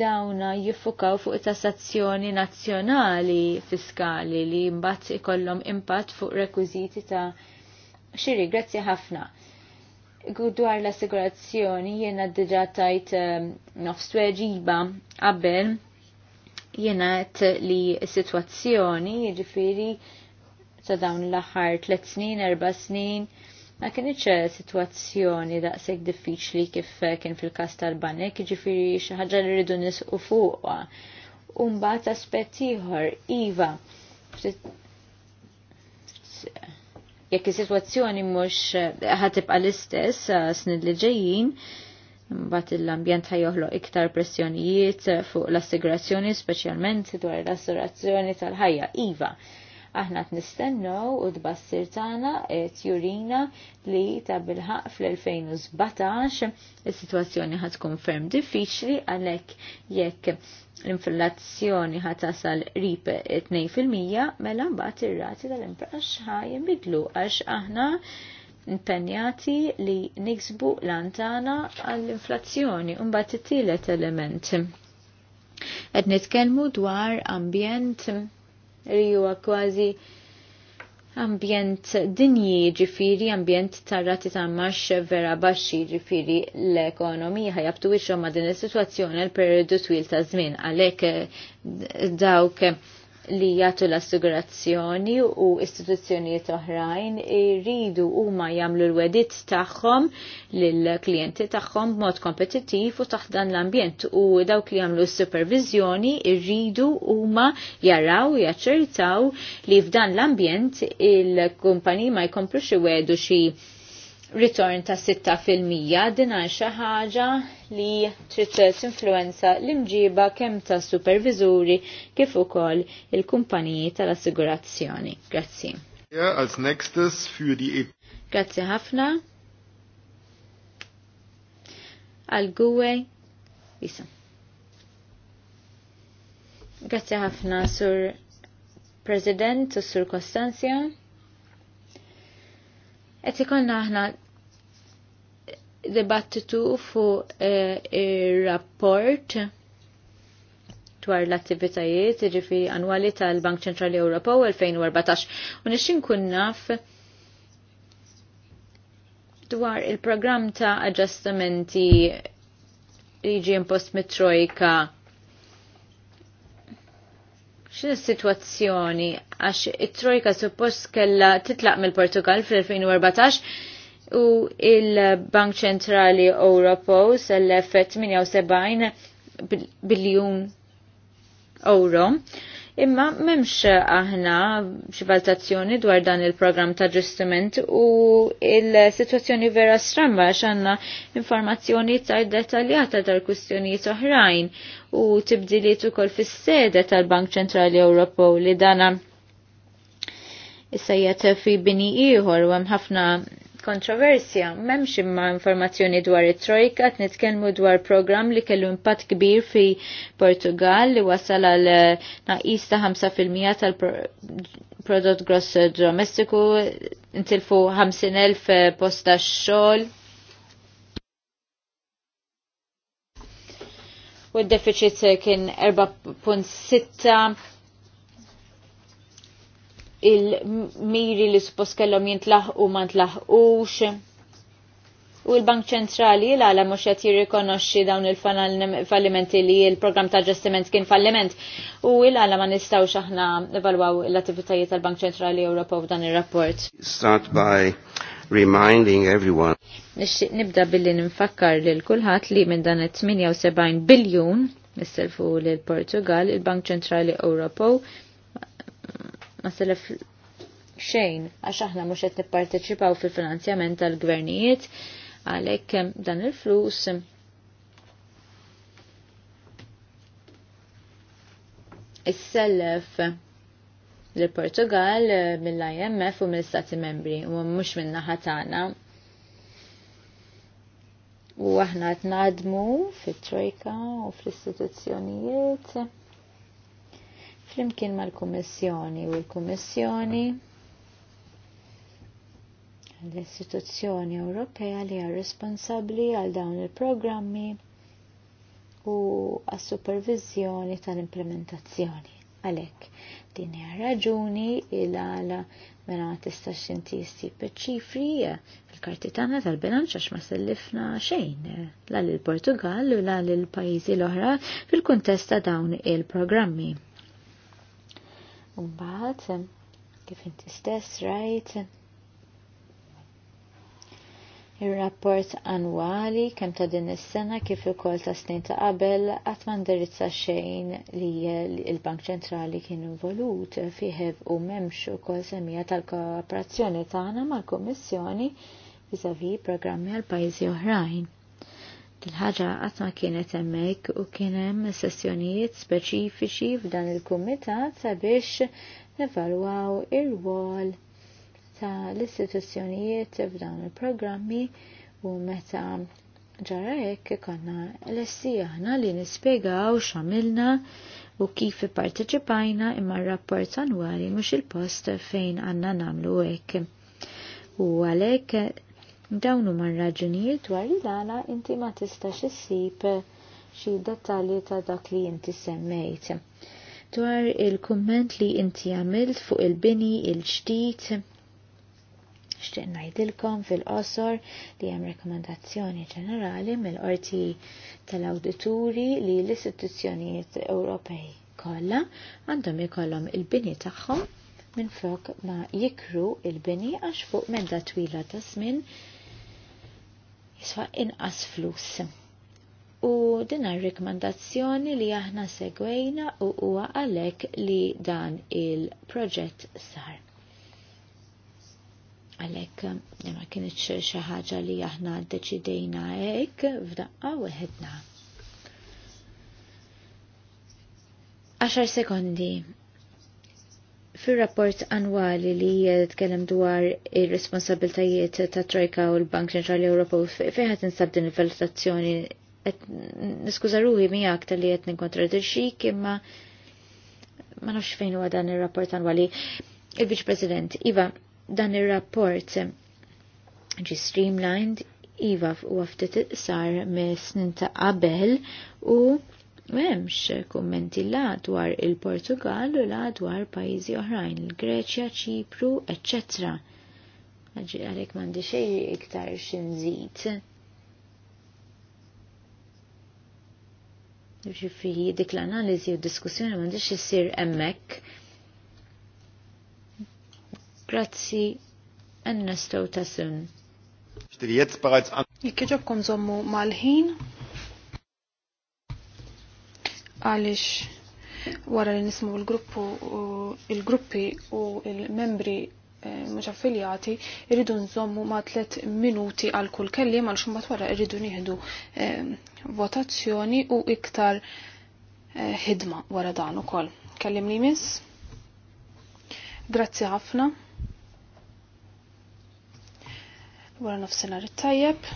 dawna jiffukaw fuq tassazzjoni nazzjonali fiskali li mbagħad ikollhom impatt fuq rekwiżiti ta' xiri, grazzi ħafna dwar l-assigurazzjoni jena diġa tajt ehm, nofs ġiba qabel jena li situazzjoni ġifiri ta' dawn l-aħħar tlet snin, erba snin, ma kienieċ situazzjoni daqshekk diffiċli kif kien fil-kas tal-banek, ġifiri xi ħaġa li rridu nisqu fuqha. U mbagħad aspett ieħor, iva, jekk is-sitwazzjoni mhux eh, ħatibqa' l-istess eh, snin li ġejjin, mbagħad l-ambjent ħajoħloq iktar pressjonijiet eh, fuq l-assigurazzjoni, speċjalment dwar l-assigurazzjoni tal-ħajja. Iva, Aħna t-nistennu u tbassir tagħna qed jurina li ta' bilħaq fl-2017 is-sitwazzjoni ħat tkun ferm diffiċli għalhekk jekk l-inflazzjoni ħatasal rip 2% mela mbagħad ir-rati tal-imprax ħajinbidlu għax aħna impenjati li niksbu l-antana għall-inflazzjoni u mbagħad it-tielet element. Qed nitkellmu dwar ambjent li huwa kważi ambjent dinji ġifiri, ambjent tarrati ta' max vera baxxi ġifiri l-ekonomija ħajabtu wixom ma' din is-sitwazzjoni l-periodu twil ta' żmien għalhekk eh, dawk li jagħtu l-assigurazzjoni u istituzzjonijiet oħrajn iridu huma jagħmlu l-wedit tagħhom lill-klijenti tagħhom b'mod kompetittiv u taħt dan l-ambjent u dawk li jagħmlu s-supervizjoni u huma jaraw jaċċertaw li f'dan l-ambjent il-kumpaniji ma jkomplux wedu xi return ta' 6% din għan xi ħaġa li trid influenza l-imġiba kemm ta' supervizuri kif ukoll il-kumpaniji tal-assigurazzjoni. Grazzi. für die e Grazzi ħafna. Għal Gwe. Isa. Grazzi ħafna sur President u sur Kostanzja. Et ikolna aħna dibattitu fuq uh, eh, ir-rapport dwar l-attivitajiet ġifi annwali tal-Bank Ċentrali Ewropew 2014 u nixin kun naf dwar il-programm ta' aġġastamenti jiġi impost mit-trojka x'in situazzjoni sitwazzjoni għax it-trojka suppost kellha titlaq mill-Portugal fil-2014 u il-Bank Ċentrali Ewropew sal-78 biljun euro. Imma memx aħna xivaltazzjoni dwar dan il-program ta' ġustiment u il-situazzjoni vera stramba xanna informazzjoni ta' detaljata tal kustjoni oħrajn u tibdiliet ukoll fis-sede tal-Bank Ċentrali Ewropew li dana issa jgħet fi bini ieħor u hemm ħafna kontroversja, memx imma informazzjoni dwar it-trojka, t-nitkelmu dwar program li kellu impatt kbir fi Portugal li wasal għal eh, naqis ta' 5% tal-prodott gross domestiku, intilfu 50.000 eh, posta xol. U d-deficit kien 4.6 il-miri li suppost kellhom jintlaħqu ma ntlaħ U l-Bank Ċentrali l-għala mhux qed jirrikonoxxi dawn il-fallimenti li il-program ta' ġestiment kien falliment. U l-għala ma nistgħux aħna evalwaw l-attivitajiet tal-Bank Ċentrali Ewropa f'dan il-rapport. Start by reminding everyone. Nixtieq nibda billi ninfakkar lil kulħadd li minn dan it-78 biljun nisselfu lil Portugal, il-Bank Ċentrali Ewropa ma selef xejn għax aħna mhux qed nipparteċipaw fil-finanzjament tal-gvernijiet għalhekk dan il-flus is-sellef l-Portugal mill-IMF u mill-Stati Membri u mhux minna naħa tagħna. U aħna qed naħdmu fit-Trojka u fl-istituzzjonijiet flimkien mal-Kummissjoni u l-Kummissjoni l-istituzzjoni Ewropea li għal responsabbli għal dawn il-programmi u għas supervizjoni tal-implementazzjoni. Għalek, din hija raġuni il għala mela ma tistax inti issib ċifri fil-karti tagħna tal-bilanċ għax ma sellifna xejn l il portugal u l il pajjiżi l-oħra fil-kuntest ta' dawn il-programmi. Umbaħat, kif inti stess rajt, il-rapport annwali kem ta' din is-sena kif ukoll ta' snin ta' qabel qatt mandirizza xejn li l-Bank Ċentrali kien involut fih u memx ukoll semija tal-kooperazzjoni tagħna mal-Kummissjoni viżavi programmi għal pajjiżi oħrajn. Il-ħaġa għatma kienet emmek u kienem sessjonijiet speċifiċi f'dan il-kumitat sabiex nevalwaw ir-wol ta' l-istituzzjonijiet f'dawn il-programmi u meta ġara hekk konna l-essi aħna li nispjegaw x'għamilna u kif ipparteċipajna imma r-rapport annwali mhux il-post fejn għandna nagħmlu hekk. U għalhekk Dawnu man raġunijiet dwar il-għala inti ma tistax issib xi dettalji ta' dak li inti semmejt. Dwar il-komment li inti għamilt fuq il-bini il-ġdid, xtieq ngħidilkom fil-qosor li hemm rekomendazzjoni ġenerali mill-qorti tal-awdituri li l-istituzzjonijiet Ewropej kollha għandhom ikollhom il-bini tagħhom minn flok ma jikru il-bini għax fuq medda twila ta' żmien jiswa inqas flus. U din rekomandazzjoni li aħna segwejna u huwa għalhekk li dan il-proġett sar. Għalhekk eh, ma kienx xi ħaġa li aħna ddeċidejna hekk f'daqqa weħedna. 10 sekondi Fil-rapport annwali li jitkellem dwar ir-responsabiltajiet ta' Trojka u l-Bank Ċentrali Ewropew fejħat nsab din il-valutazzjoni niskuża ruħi miegħek tal-li qed dirxik imma ma nafx fejn huwa dan ir-rapport annwali. Il-Viċ President, iva, dan ir-rapport ġi streamlined, iva huwa ftit sar me snin ta' qabel u Memx kummenti la dwar il-Portugal u la dwar pajizi oħrajn, il-Greċja, Ċipru, etc. Għalek mandi xej iktar xinżit. Ġifiri, dik l-analizi u diskussjoni mandi sir emmek. Grazzi, Ernesto Tassun. Jekk ġobkom zommu mal-ħin, għaliex wara li nismu l-gruppu il-gruppi u il-membri eh, mhux affiljati irridu nżommu ma' tliet minuti għal kull kelliem għal xumbat wara irridu nieħdu eh, votazzjoni u iktar eh, ħidma wara dan ukoll. Kellim li miss. Grazzi ħafna. Wara nofsinhar it-tajjeb.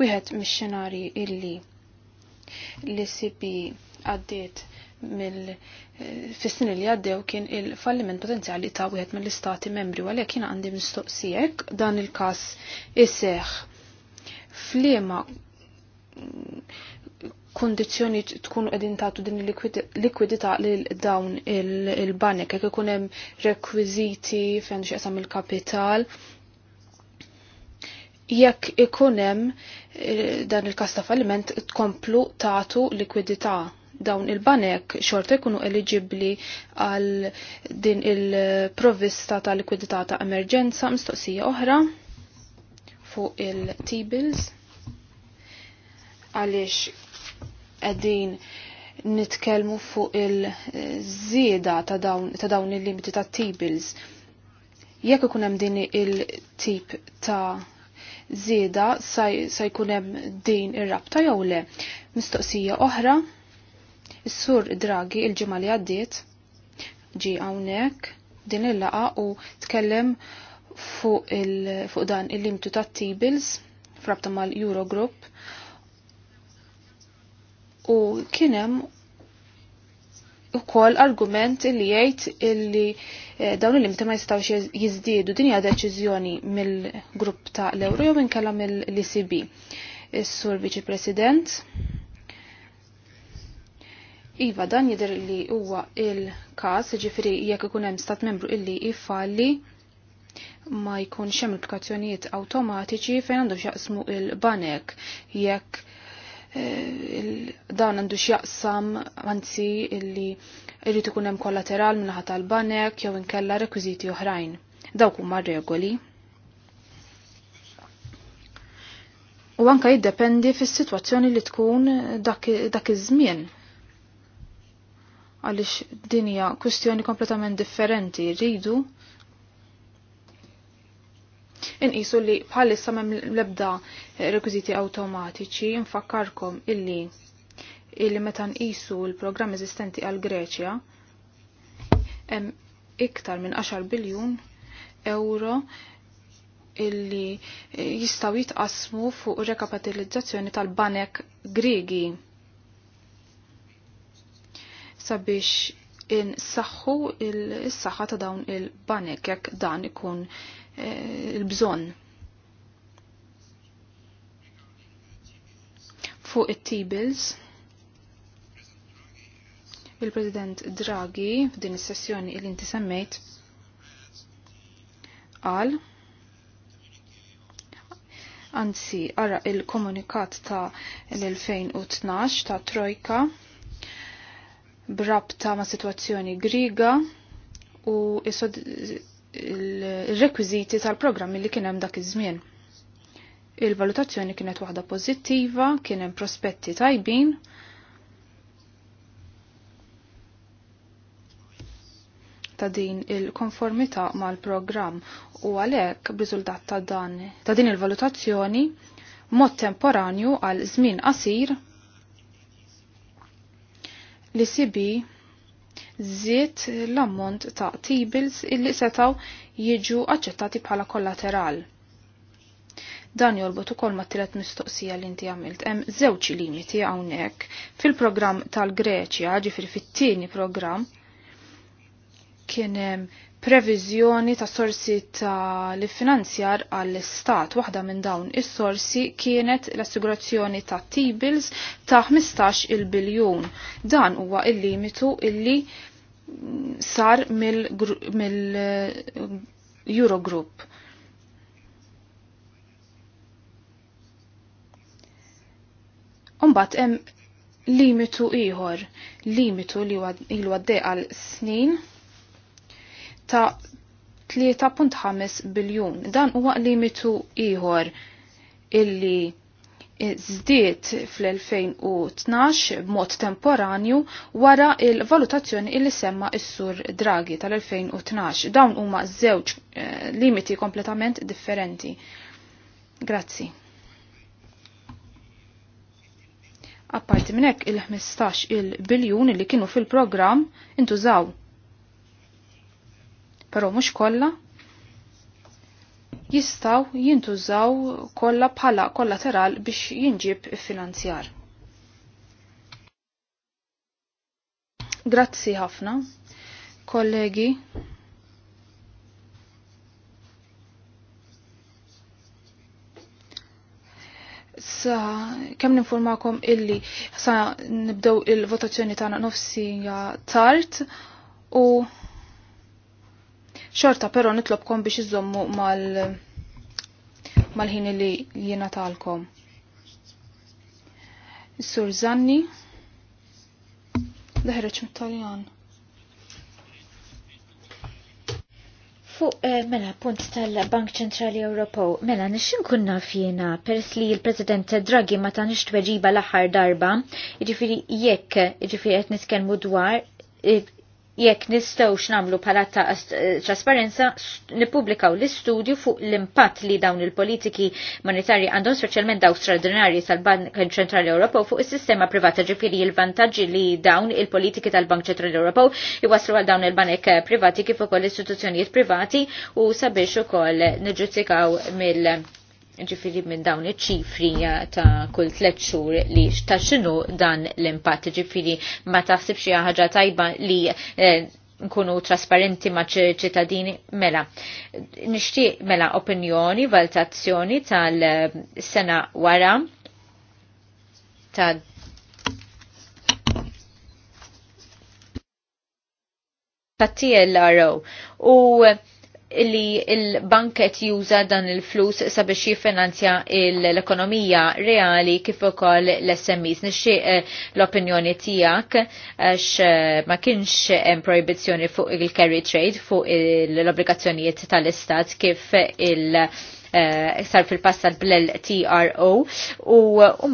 Wieħed mix xenarji illi li sibi għaddiet mill eh, fissin li għaddew kien il-falliment potenzjali ta' wieħed mill-istati membri u għalhekk jiena għandi mistoqsijek dan il-każ iseħħ f'liema kondizjoni tkunu qegħdin tagħtu din il-likwidità lil dawn il-banek jekk ikun hemm rekwiżiti fejn xi qasam il kapital jekk ikunem eh, dan il-kas ta' falliment tkomplu tagħtu likwidità dawn il-banek xorta jkunu eligibli għal din il provista ta' likwidità ta' emerġenza mistoqsija oħra fuq il tables bills għaliex qegħdin nitkellmu fuq il-żieda ta' dawn il-limiti ta' t jekk ikun hemm din il-tip ta' Zieda sa jkun hemm din ir-rabta jew le. Mistoqsija oħra, is-sur Draghi il-ġimgħa li għaddiet ġi hawnhekk din il-laqa u tkellem fuq, il, fuq dan il-limtu ta' tables frabta mal Eurogroup u kienem kol argument li jgħid illi eh, dawn il-limiti ma jistgħux jiżdiedu din hija deċiżjoni mill-grupp ta' l-Euro jew inkella mill-ECB. Is-Sur Viċi President. Iva dan jidher li huwa il-każ, ġifieri jekk ikun hemm stat membru illi jfalli ma jkunx hemm implikazzjonijiet awtomatiċi fejn għandhom x'jaqsmu il-banek jekk Eh, dawn għandu x'jaqsam anzi illi irrid ikun hemm kollateral minn tal-banek jew inkella rekwiżiti oħrajn. Dawk huma regoli. U anka jiddependi fis-sitwazzjoni li tkun dak iż-żmien għaliex dinja kwistjoni kompletament differenti rridu inqisu li bħalissa mem lebda rekwiziti awtomatiċi infakkarkom illi illi meta nqisu l-programm eżistenti għal Greċja hemm iktar minn 10 biljun euro illi jistaw jitqasmu fuq rekapitalizzazzjoni tal-banek Grigi sabiex insaħħu il-saħħa ta' dawn il-banek jekk dan ikun Eh, il-bżonn. Fuq it t il-President Draghi f'din is-sessjoni li inti semmejt qal anzi ara il-komunikat ta' l-2012 ta' Trojka brabta ma' situazzjoni griga u il-rekwiziti tal-programmi li kienem dak iż-żmien. Il-valutazzjoni kienet waħda pożittiva, kien hemm prospetti tajbin. ta' din il-konformità mal-programm u għalhekk b'riżultat ta' dan ta' din il-valutazzjoni mod temporanju għal żmien qasir li sibi żied l-ammont ta' T-bills illi setaw jiġu aċċettati bħala kollateral. Dan jolbot ukoll ma' tielet mistoqsija li inti għamilt hemm żewġ limiti hawnhekk fil-programm tal-Greċja, ġifieri fit-tieni programm kien hemm previżjoni ta' sorsi ta' li finanzjar għall-istat. Waħda minn dawn is-sorsi kienet l-assigurazzjoni ta' T-bills ta' 15 il-biljun. Dan huwa il-limitu illi sar mill-Eurogroup. Eh, Umbat hemm limitu ieħor, limitu li huwa għaddej għal snin ta' 3.5 biljun. Dan huwa limitu ieħor illi zdiet fl-2012 b'mod temporanju wara il-valutazzjoni illi semma is-sur Draghi tal-2012. Dawn huma żewġ eh, limiti kompletament differenti. Grazzi. Apparti minn hekk il-15 il-biljun li kienu fil-programm intużaw però mhux kollha jistaw jintużaw kollha bħala kollateral biex jinġib finanzjar. Grazzi ħafna, kollegi. Sa kemm ninformakom illi sa nibdew il-votazzjoni tagħna nofsija tard u Xorta però nitlobkom biex iżommu mal mal-ħin li jiena talkom. Sur Zanni, daħreċ mit-Taljan. Fuq eh, mela punt tal-Bank Ċentrali Ewropew, mela nixin kunna fjena pers li l-President Draghi ma ta' tweġiba l-aħħar darba, ġifiri jekk, ġifiri qed nitkellmu dwar eh, jekk nistgħux nagħmlu bħala ta' trasparenza nippubblikaw l-istudju fuq l-impatt li dawn il-politiki monetarji għandhom speċjalment daw straordinarji tal-Bank Ċentrali Ewropew fuq is-sistema privata ġifiri l-vantaġġi li dawn il-politiki tal-Bank Ċentrali Ewropew iwaslu għal dawn il-banek privati kif ukoll istituzzjonijiet privati u sabiex ukoll niġġudikaw mill- ġifiri minn dawn iċ-ċifri ta' kull tlet xhur li ta' xinu dan l-impatt, ġifiri ma taħsib xi ħaġa tajba li eh, nkunu trasparenti ma' ċittadini mela. Nixtieq mela opinjoni, valutazzjoni tal-sena wara ta' ta' TLRO u li il-banket juża dan il-flus sabiex jiffinanzja l-ekonomija reali kif ukoll l-SMEs. nixxieq eh, l-opinjoni tiegħek għax eh, ma kienx hemm proibizzjoni fuq il-carry trade fuq l-obbligazzjonijiet tal-istat kif il- eh, sar fil-passat bl-LTRO u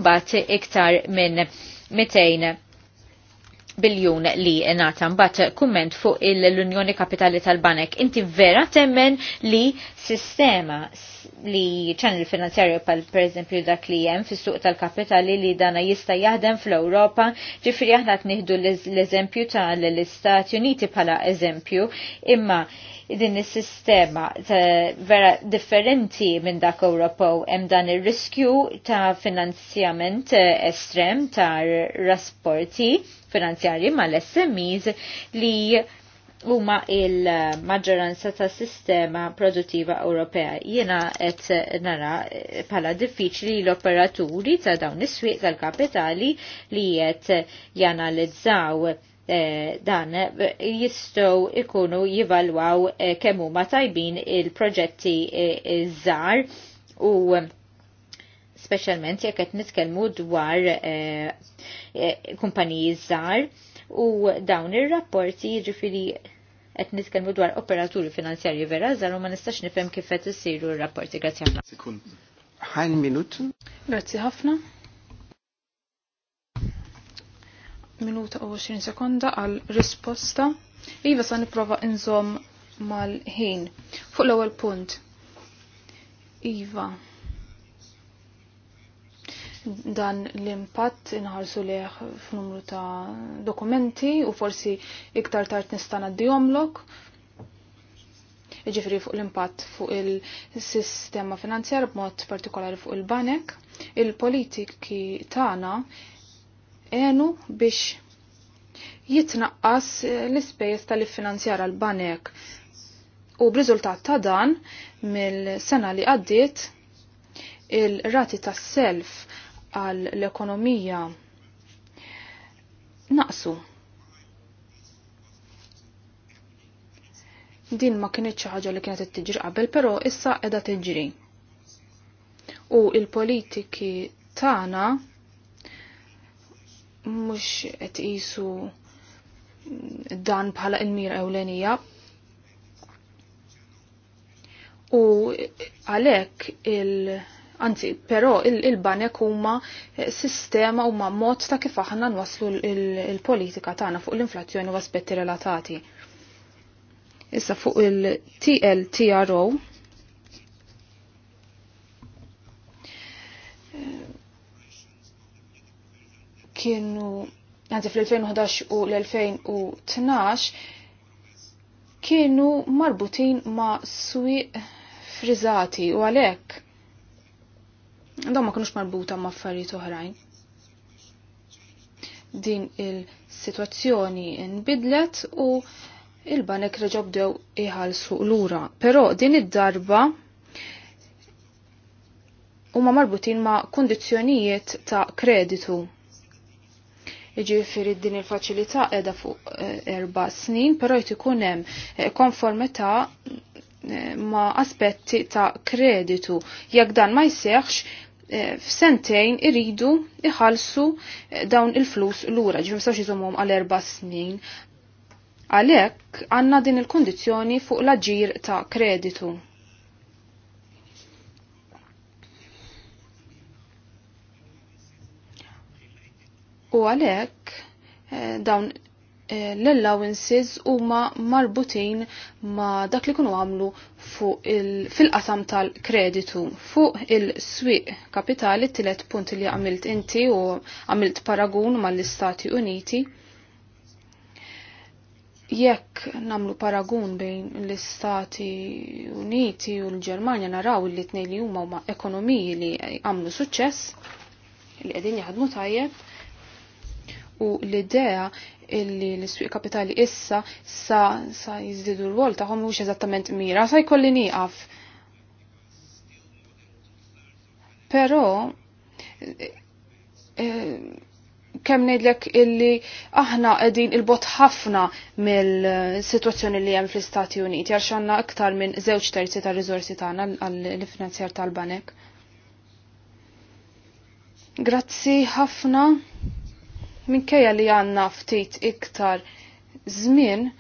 mbagħad iktar minn 200 biljun li nata mbagħad kumment fuq l-Unjoni Kapitali tal-Banek. Inti vera temmen li sistema li ċanel finanzjarju pal per eżempju dak li hemm fis-suq tal-kapitali li dana jista' jaħdem fl-Ewropa, ġifri aħna t-nihdu l-eżempju tal-Istati Uniti bħala eżempju, imma din is-sistema vera differenti minn dak Ewropew hemm dan ir-riskju ta' finanzjament eh, estrem ta' rasporti finanzjarji mal-SMEs li huma il-maġġoranza ta' sistema produttiva Ewropea. Jiena qed nara eh, bħala diffiċli l-operaturi ta' dawn is-swieq tal-kapitali li qed janalizzaw Eh, dan eh, jistow ikunu jivalwaw eh, kemmu ma tajbin il-proġetti iż-żar u specialment jekk qed nitkellmu dwar kumpaniji żgħar u dawn ir-rapporti jiġifieri qed nitkellmu dwar operaturi finanzjarji vera żgħar u ma nistax nifhem kif qed isiru r-rapporti. Grazzi ħafna. Sekund. Ħajn minut. Grazzi ħafna. minuta u 20 sekonda għal risposta. Iva sa niprofa inżom mal-ħin. Fuq l-ewwel punt. Iva. Dan l-impatt inħarsu leħ f'numru ta' dokumenti u forsi iktar tard nista' ngħaddihomlok Iġifri fuq l-impatt fuq il-sistema finanzjar b'mod partikolari fuq il-banek, il-politiki tagħna enu biex jitnaqqas l-ispejjeż tal-iffinanzjar għal banek u b'riżultat ta' dan mill-sena li għaddiet il-rati tas-self għal l-ekonomija naqsu. Din ma kienet xi ħaġa li kienet tiġri qabel, però issa qiegħda tiġri. U il-politiki tagħna mhux qed qisu dan bħala il-mira ewlenija. U għalhekk il- Anzi, però il-banek huma sistema huma mod ta' kif aħna nwaslu il-politika tagħna fuq l-inflazzjoni u aspetti relatati. Issa fuq il-TLTRO, kienu għanzi fl-2011 u l-2012 kienu marbutin ma' sui frizzati u għalek. Dawn ma kienux marbuta ma' affarijiet oħrajn. Din il-situazzjoni nbidlet u il-banek reġobdew iħalsu l-ura. Pero din id-darba huma marbutin ma' kondizjonijiet ta' kreditu Ġifiri din il-faċilità edha fuq eh, erba snin, pero jt ikun hemm eh, konformità eh, ma aspetti ta' kreditu. Jekk dan ma jseħħx, f'sentejn iridu iħalsu dawn il-flus lura, ġifim sawx jizomum għal erba snin. Għalek, għanna din il-kondizjoni fuq l-ġir ta' kreditu. U għalhekk eh, dawn eh, l-allowances huma marbutin ma' dak li kunu għamlu fil-qasam tal-kreditu fuq il-swieq kapitali t tilet punt li għamilt inti u għamilt paragun mal-Istati Uniti jekk namlu paragun bejn l-Istati Uniti u l-Ġermanja naraw li tnej li huma huma ekonomiji li għamlu suċċess li qegħdin jaħdmu tajjeb, u l-idea illi l-iswiq kapitali issa sa, sa jizdidu l-wol taħom mux eżattament mira, sa jkolli niqaf. Pero, e, eh, kemm ngħidlek illi aħna qegħdin il-bot ħafna mill-sitwazzjoni li hemm fl-Istati Uniti għal iktar minn żewġ terzi tar-riżorsi tagħna għall-finanzjar tal-banek. Grazzi ħafna minkejja li għanna ftit iktar żmien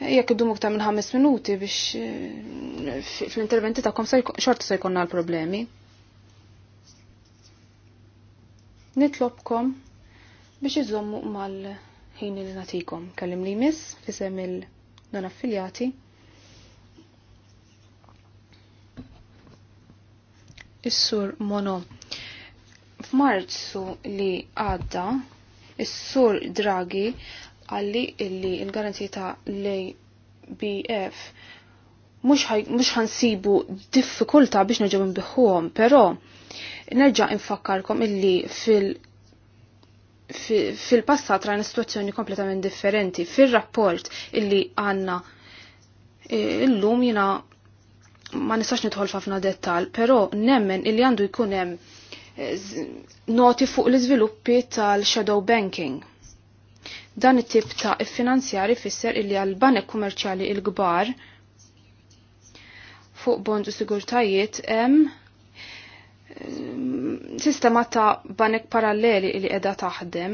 jekk iddumu iktar minn ħames minuti biex eh, fl-interventi tagħkom xorta se jkollna l-problemi. Nitlobkom biex iżommu mal-ħin li natikom. Kellim li mis, fisem il-non affiljati. Is-sur Mono. F'Marzu li għadda, is-sur Draghi għalli illi il-garanzija ta' l-ABF mux ħansibu diffikulta biex nerġaw nbiħuhom, però nerġa' infakkarkom illi fil- fil-passat rajna situazzjoni kompletament differenti. Fil-rapport illi għanna e, illum jina ma nistax nidħol f'ħafna dettal, però nemmen illi għandu jkun hemm noti fuq l-iżviluppi tal-shadow banking. Dan it-tip ta' finanzjari fisser illi għal banek kummerċjali il-kbar fuq bond u sigurtajiet hemm mm, sistema ta' banek paralleli li edha taħdem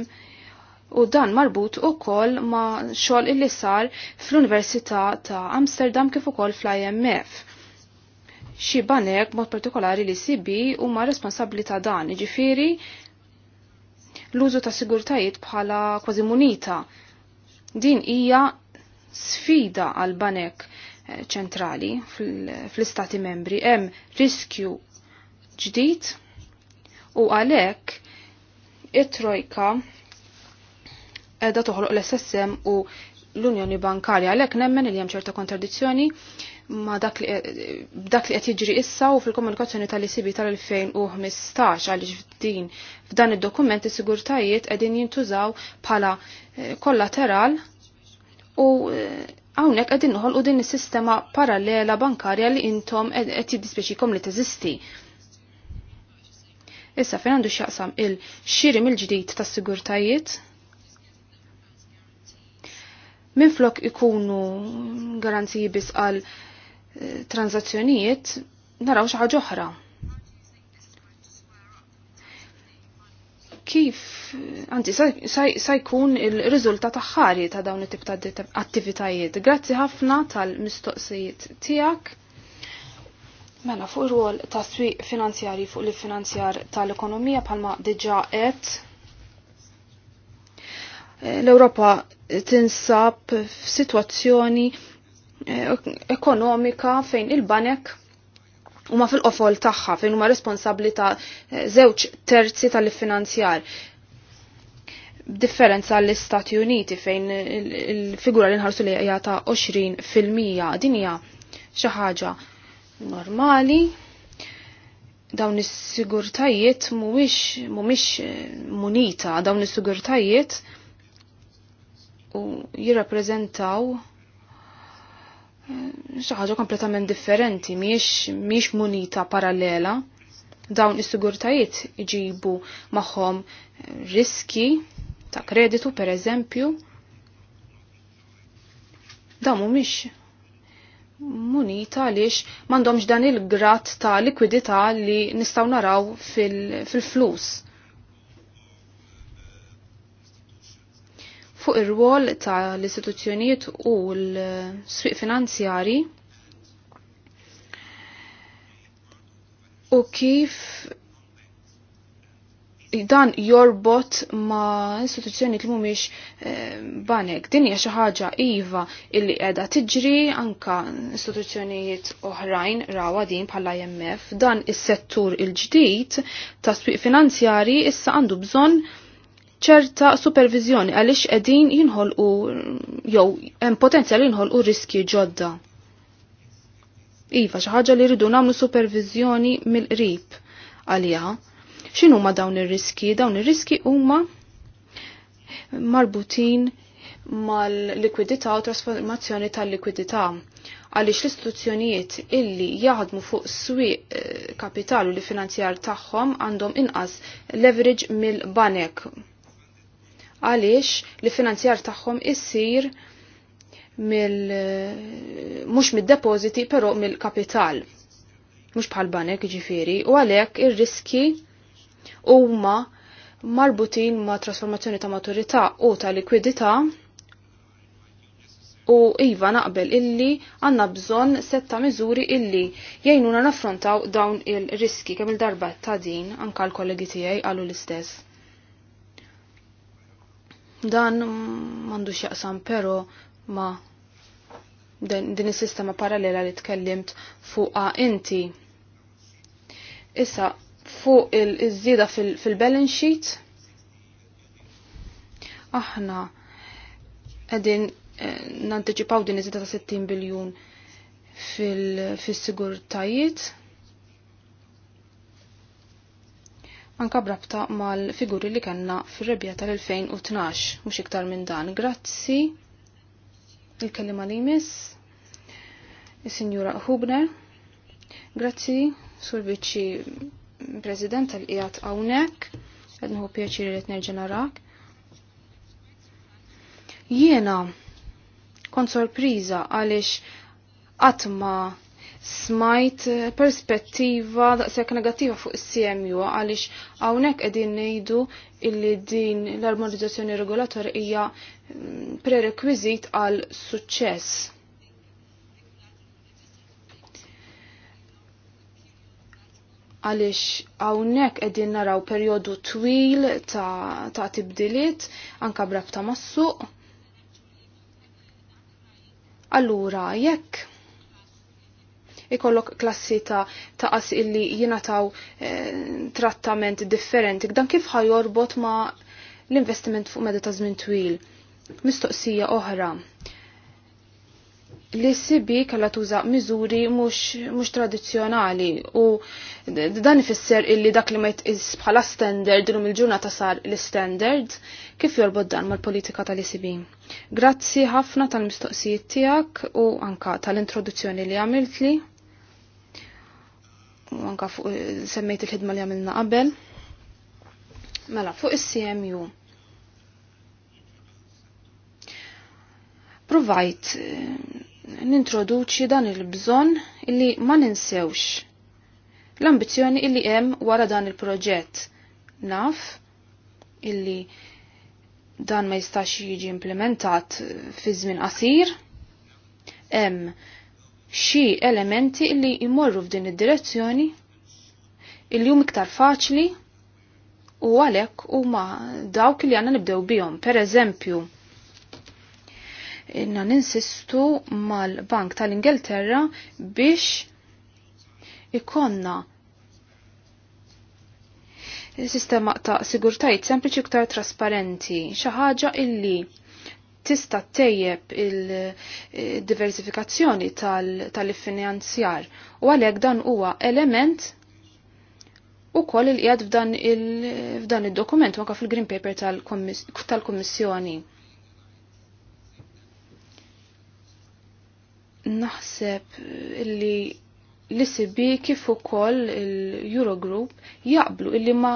u dan marbut u koll ma xol illi sar fl-Università ta' Amsterdam kif ukoll fl-IMF xi banek mod partikolari li sibi huma responsabbli ta' dan, ġifiri l-użu ta' sigurtajiet bħala kważi munita. Din hija sfida għal banek eh, ċentrali fl-istati membri hemm riskju ġdid u għalhekk it-trojka edha toħloq l-SSM u l-Unjoni Bankarja għalhekk nemmen li hemm ċerta kontradizzjoni ma dak li qed jiġri issa u fil-komunikazzjoni tal-ISIBI tal-2015 għaliex din f'dan id-dokument is-sigurtajiet qegħdin jintużaw bħala eh, kollateral u eh, hawnhekk qegħdin noħolqu din is-sistema parallela bankarja li intom qed jiddispjaċikom li teżisti. Issa fejn għandu x'jaqsam il xiri mill ġdid tas-sigurtajiet minflok ikunu garanziji bis għal transazzjonijiet naraw xi ħaġa oħra. kif, anzi, sa jkun il-rizultat aħħari ta' dawn it-tip ta' attivitajiet. Grazzi ħafna tal-mistoqsijiet tiegħek. Mela fuq ir rwol ta' swieq finanzjari fuq l-finanzjar tal-ekonomija bħalma diġà qed. Eh, L-Ewropa tinsab f'sitwazzjoni Eh, ekonomika fejn il-banek huma fil-qofol tagħha fejn huma responsabbli ta' eh, żewġ terzi tal-finanzjar. Differenza l-Istati Uniti fejn il-figura li nħarsu li hija ta' 20 fil-mija din hija xi ħaġa normali dawn is-sigurtajiet mhuwiex mhumiex eh, munita dawn is-sigurtajiet u jirrappreżentaw ħaġa kompletament differenti, miex, munita parallela. Dawn is-sigurtajiet iġibu magħhom riski ta' kreditu per eżempju. Dawn mhumiex munita għaliex m'għandhomx dan il-grat ta' likwidità li nistgħu naraw fil-flus. fuq ir-rwol ta' l-istituzzjonijiet u l-sfiq finanzjari u kif dan jorbot ma istituzzjoni li mhumiex eh, banek. Din hija xi ħaġa iva illi qiegħda tiġri anka istituzzjonijiet oħrajn rawa din bħala IMF dan is-settur il-ġdid ta' sbiq finanzjari issa għandu bżonn ċerta supervizjoni għaliex qegħdin jinħolqu jew hemm potenzjal u riski ġodda. Iva, xi ħaġa li rridu nagħmlu supervizjoni mill-qrib għalija. X'inhu ma dawn ir-riski? Dawn ir-riski huma marbutin mal-likwidità u trasformazzjoni tal-likwidità għaliex l-istituzzjonijiet illi jaħdmu fuq swieq eh, kapitalu li finanzjar tagħhom għandhom inqas leverage mill-banek għaliex li finanzjar tagħhom issir mill mhux mid-depożiti però mill-kapital. Mhux bħal banek ġifieri u għalhekk ir-riski huma marbutin ma' trasformazzjoni ta' maturità u ta' likwidità u iva naqbel illi għanna bżon setta miżuri illi jgħinuna naffrontaw dawn il-riski kemm il-darba ta' din anka l-kollegi tiegħi għalu l-istess. Dan mandu xaqsam pero ma din is-sistema parallela li tkellimt fuqa inti. Issa fuq il-żieda fil-balance sheet aħna qegħdin eh, nanticipaw din iż-żieda ta' 60 biljun fil-sigurtajiet. Fil anka brabta mal-figuri li kanna fil rebja tal-2012, mux iktar minn dan. Grazzi, il-kellima li jmiss, il-Sinjura Hubner, grazzi, sur biċi President tal-Ijat Awnek, għednħu pjaċiri li t-nerġenarak. Jiena, kont sorpriza għalix għatma smajt perspettiva daqshekk negattiva fuq is-CMU għaliex hawnhekk qegħdin ngħidu illi din l-armonizzazzjoni regolator hija mm, prerekwiżit għal suċċess. għalix għawnek qegħdin naraw periodu twil ta', ta tibdiliet anka brabta massuq. Allura, jekk ikollok klassi ta' taqas illi jinataw eh, trattament differenti. Dan kif ħajorbot ma' l-investiment fuq meda ta' żmien twil. Mistoqsija oħra. Li sibi kalla tuża miżuri mhux tradizzjonali u dan ifisser illi dak li ma jitqis bħala standard illum il-ġurnata sar l-standard kif jorbot dan mal-politika tal-ECB. Grazzi ħafna tal-mistoqsijiet tiegħek u anka tal-introduzzjoni li għamiltli anka fuq semmejt il-ħidma li għamilna qabel. Mela, fuq is-CMU. Provajt eh, nintroduċi dan il-bżon illi ma ninsewx l-ambizjoni illi hemm wara dan il-proġett. Naf illi dan ma jistax jiġi implementat eh, fi żmien qasir. Hemm xi elementi li jmorru f'din id-direzzjoni illi hum iktar faċli u għalhekk huma dawk li għandna nibdew bihom. Per eżempju, inna ninsistu mal-Bank tal-Ingilterra biex ikonna sistema ta' sigurtajt sempliċi iktar trasparenti, xi ħaġa illi tista' tejjeb il-diversifikazzjoni eh, tal-finanzjar u għalhekk dan huwa element ukoll il qiegħed f'dan id-dokument anke fil-Green Paper tal-Kummissjoni. Naħseb li l-ICB kif ukoll il-Eurogroup jaqblu illi ma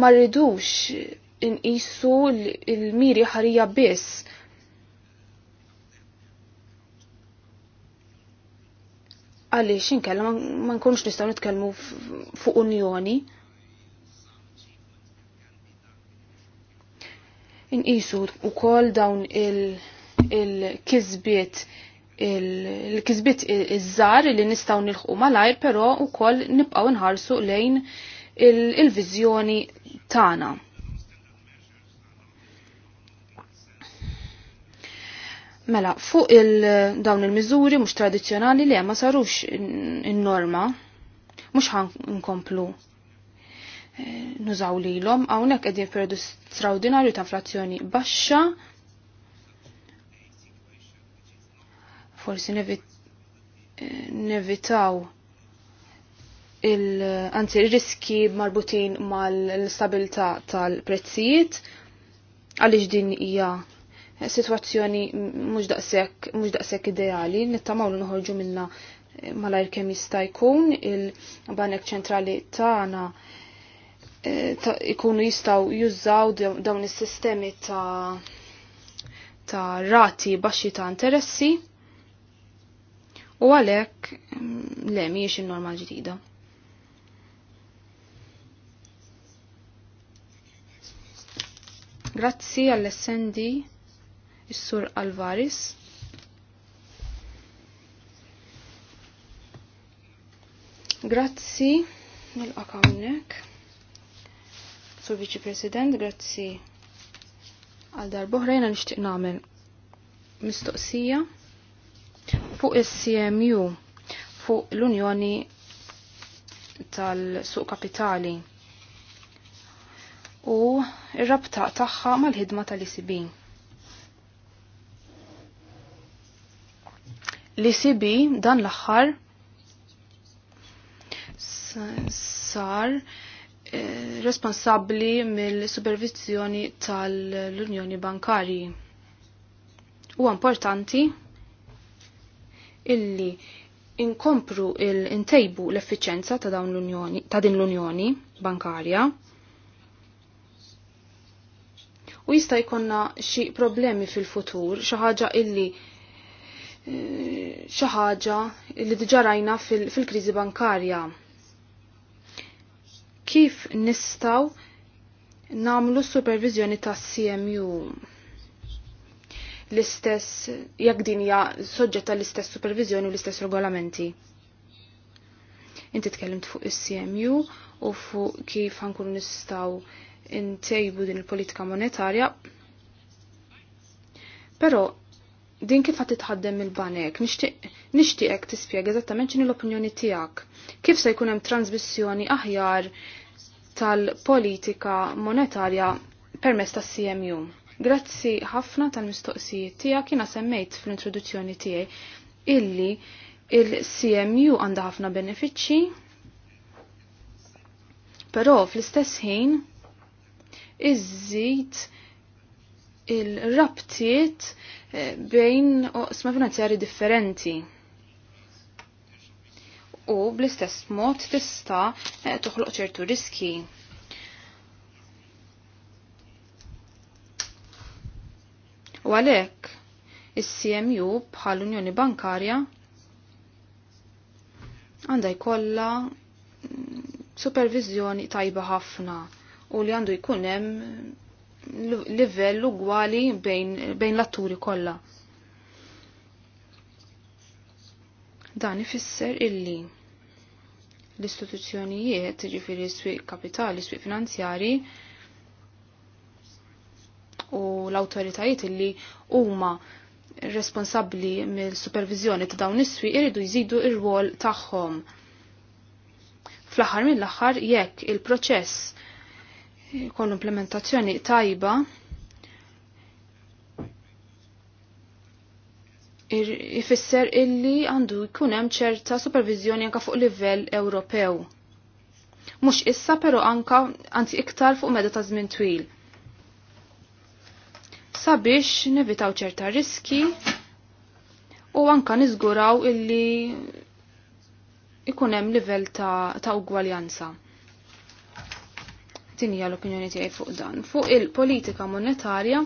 ma rridux inqisu l-miri ħarija biss. Għaliex inkella ma nkunx nistgħu nitkellmu fuq unjoni. Inqisu wkoll dawn il-kisbiet il-kisbiet iż-żar li nistgħu nilħqu malajr, però wkoll nibqgħu nħarsu lejn il-viżjoni tagħna. Mela, fuq il-dawn il-mizuri mux tradizjonali li ma sarux il-norma, mux ħan nkomplu eh, nużaw li l-om, għawnek għedin periodu straordinarju ta' inflazzjoni baxxa, forsi eh, nevitaw il-anzi riski marbutin mal-stabilta tal-prezzijiet, għalix din hija situazzjoni mhux daqshekk ideali, nittamaw li noħorġu minna eh, malajr kemm jista' jkun il-banek ċentrali tagħna eh, ikunu jistaw jużaw dawn is-sistemi ta' ta' rati baxxi ta' interessi u għalhekk mm, le mhijiex in-norma ġdida. Grazzi għall-essendi. Is-Sur Alvaris. Grazzi, mill akawnek Sur Viċi President, grazzi għal darbohra jena nishtiq namel mistoqsija fuq is-CMU fuq l-Unjoni tal-Suq Kapitali u ir rabta tagħha mal-ħidma tal-ICB. Li sibi dan l-aħħar sar eh, responsabbli mill-supervizjoni tal-Unjoni Bankarji. Huwa importanti illi inkompru il-intejbu l-effiċenza ta' ta' din l-Unjoni Bankarja. U jista' jkollna xi problemi fil-futur, xi ħaġa illi xi ħaġa li diġà rajna fil-kriżi bankarja. Kif nistaw namlu supervizjoni tas CMU? l-istess, jekk din hija soġġetta l-istess supervizjoni u l-istess regolamenti. Inti tkellimt fuq is-CMU u fuq kif ħankun nistgħu intejbu din il-politika monetarja. Però din kif għat titħaddem il-banek, nishtiqek tispiega eżattament ċini l-opinjoni tijak. Kif se jkun hemm transmissjoni aħjar tal-politika monetarja permess tas CMU. Grazzi ħafna tal-mistoqsijiet tijak jina semmejt fl-introduzzjoni tijaj illi il-CMU għanda ħafna benefiċċji, pero fl-istess ħin iżżid il-rabtiet eh, bejn oqsma finanzjari differenti. U bl-istess mod tista' eh, toħloq ċertu riski. U għalhekk is-CMU bħal Unjoni Bankarja għandha jkollha mm, supervizjoni tajba ħafna u li għandu jkun hemm livell ugwali bejn, bejn l-atturi kollha. Dan ifisser illi l-istituzzjonijiet, ġifiri s-swiq kapitali, s-swiq finanzjari, u l-autoritajiet illi huma responsabbli mill-supervizjoni ta' dawn is-swiq iridu jżidu ir-rwol tagħhom. Fl-aħħar mill-aħħar jekk il-proċess jkollu implementazzjoni tajba jfisser illi għandu jkun hemm ċerta supervizjoni anka fuq livell Ewropew. Mhux issa però anka anzi iktar fuq meda ta' żmien twil. Sabiex nevitaw ċerta riski u anka niżguraw illi ikun hemm livell ta', ta ugwaljanza tinija l-opinjoni tiegħi fuq dan. Fuq il-politika monetarja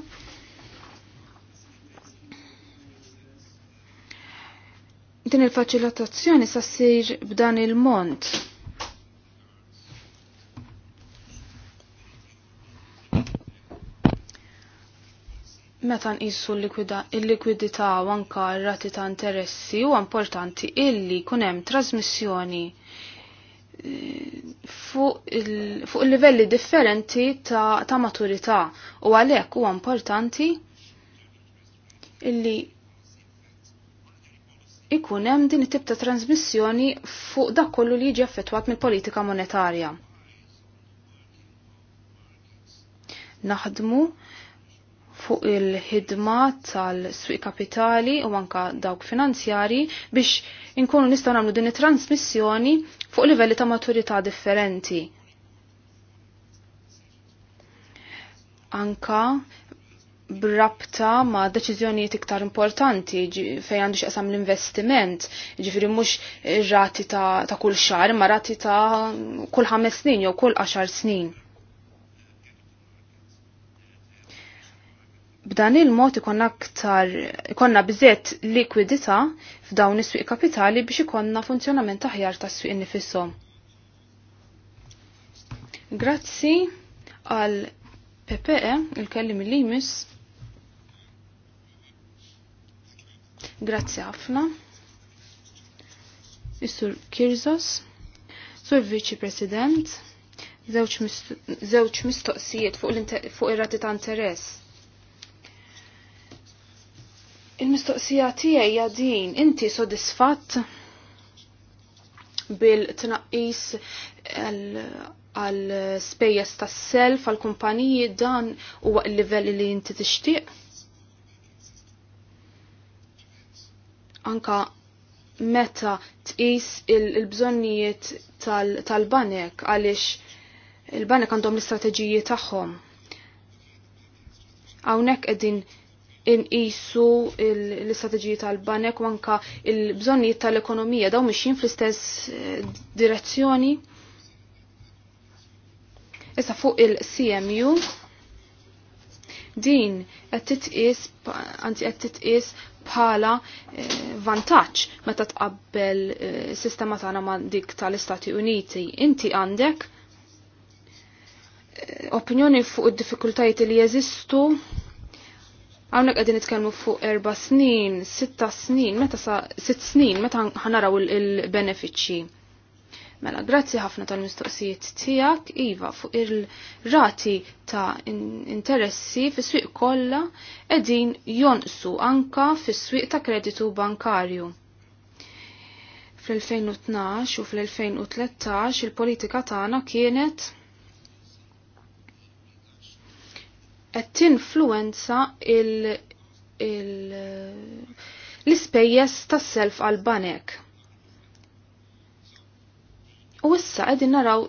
din il-faċilitazzjoni sa ssir b'dan il-mont. Meta nqisu l-likwidità u anka r-rati ta' interessi huwa importanti illi kunem hemm trasmissjoni fuq il-livelli differenti ta', ta maturità u għalhekk huwa importanti illi ikun hemm din it-tip ta' transmissjoni fuq dak kollu li jiġi affettwat mill-politika monetarja. Naħdmu fuq il-ħidma tal-swiq kapitali u anka dawk finanzjari biex inkunu nistgħu nagħmlu din it-transmissjoni fuq livelli ta' maturità differenti. Anka brabta ma deċiżjonijiet iktar importanti fejn għandu x'qasam l-investiment, ġifiri mhux rati ta', ta kull xahar, ma rati ta' kull ħames snin jew kull għaxar snin. B'dan il-mod ikonna aktar ikonna biżiet likwidità f'dawn is-swieq kapitali biex ikonna funzjonament aħjar tas-swieq nifisom. Grazzi għal PPE, il-kellim il-limis. Grazzi ħafna. Is-Sur Kirzos, Sur Viċi President, żewġ mistoqsijiet fuq ir-rati ta' interess Il-mistoqsija tiegħi hija din, inti sodisfatt bil-tnaqqis għal spejjeż tas-self għal kumpaniji dan huwa l-livell li inti tixtieq? Anka meta tqis il-bżonnijiet tal-banek għaliex il-banek għandhom l-istrateġiji tagħhom. Hawnhekk qegħdin inqisu l-istrateġiji tal-banek u anka il-bżonnijiet tal-ekonomija daw mixin fl-istess eh, direzzjoni. Issa fuq il-CMU din qed titqis anzi qed titqis bħala eh, vantaġġ meta tqabbel eh, sistema tagħna ma' dik tal-Istati Uniti. Inti għandek opinjoni fuq id-diffikultajiet li jeżistu Għawna għedin nitkellmu fuq erba snin, sitta snin, meta sa sitt snin, meta ħanaraw il-benefiċċji. Mela, grazzi ħafna tal-mistoqsijiet tijak, Iva, fuq il-rati ta' interessi fis swieq kollha edin jonqsu anka fis swieq ta' kreditu bankarju. Fl-2012 u fl-2013 il-politika tagħna kienet qed tinfluenza l-ispejjeż tas-self għal banek. U issa qegħdin naraw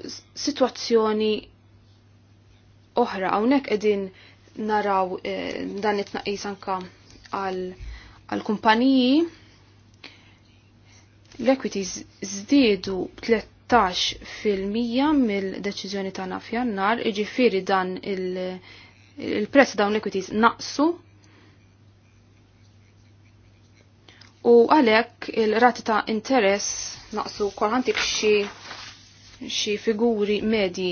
sitwazzjoni oħra hawnhekk qegħdin naraw eh, dan it-tnaqqis anka għal kumpaniji l-equities żdiedu 13% mill-deċiżjoni tagħna f'jannar, iġifieri dan il- il-prezz dawn equities naqsu u għalhekk il-rati ta' interess naqsu kolħantik xi xi figuri medji.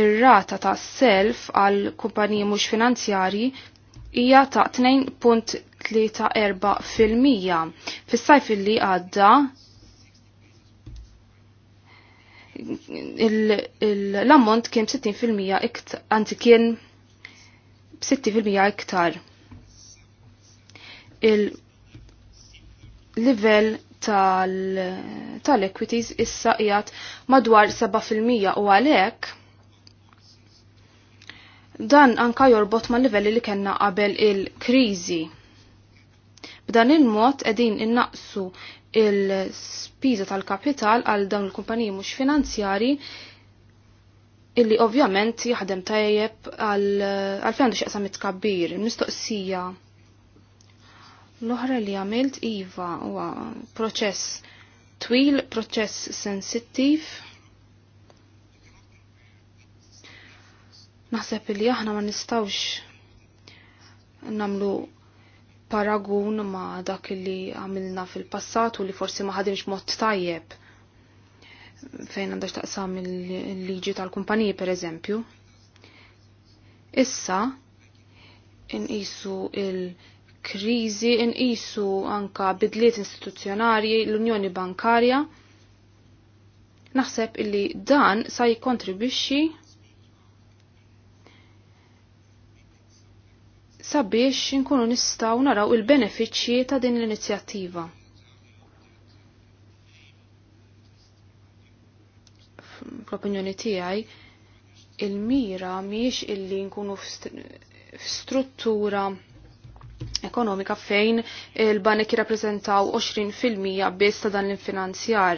Ir-rata ta' self għal kumpaniji mhux finanzjarji hija ta' 2.34 fil-mija. Fis-sajf li għadda l-ammont kien 60% iktar, anzi kien 60% iktar. Il-level tal-equities tal issa qiegħed madwar 7% u għalhekk dan anka jorbot ma' livelli li kellna qabel il-kriżi. B'dan il-mod qegħdin innaqsu il-spiża tal-kapital għal dawn il-kumpaniji mhux finanzjari illi ovvjament jaħdem tajjeb għal fejn għandu mitkabbir, mistoqsija. L-oħra li għamilt iva huwa proċess twil, proċess sensittiv. Naħseb li aħna ma nistawx namlu paragun ma dak li għamilna fil-passat u li forsi ma ħadimx mod tajjeb fejn għandax taqsam il-liġi tal-kumpaniji per eżempju. Issa inqisu il-kriżi, inqisu anka bidliet istituzzjonarji, l-Unjoni Bankarja. Naħseb illi dan sa jikontribwixxi sabiex inkunu nistaw naraw il-benefiċċji ta' din l-inizjattiva. l opinjoni tiegħi il-mira miex illi nkunu f'struttura ekonomika fejn il-banek jirrappreżentaw 20% biss ta' dan l-infinanzjar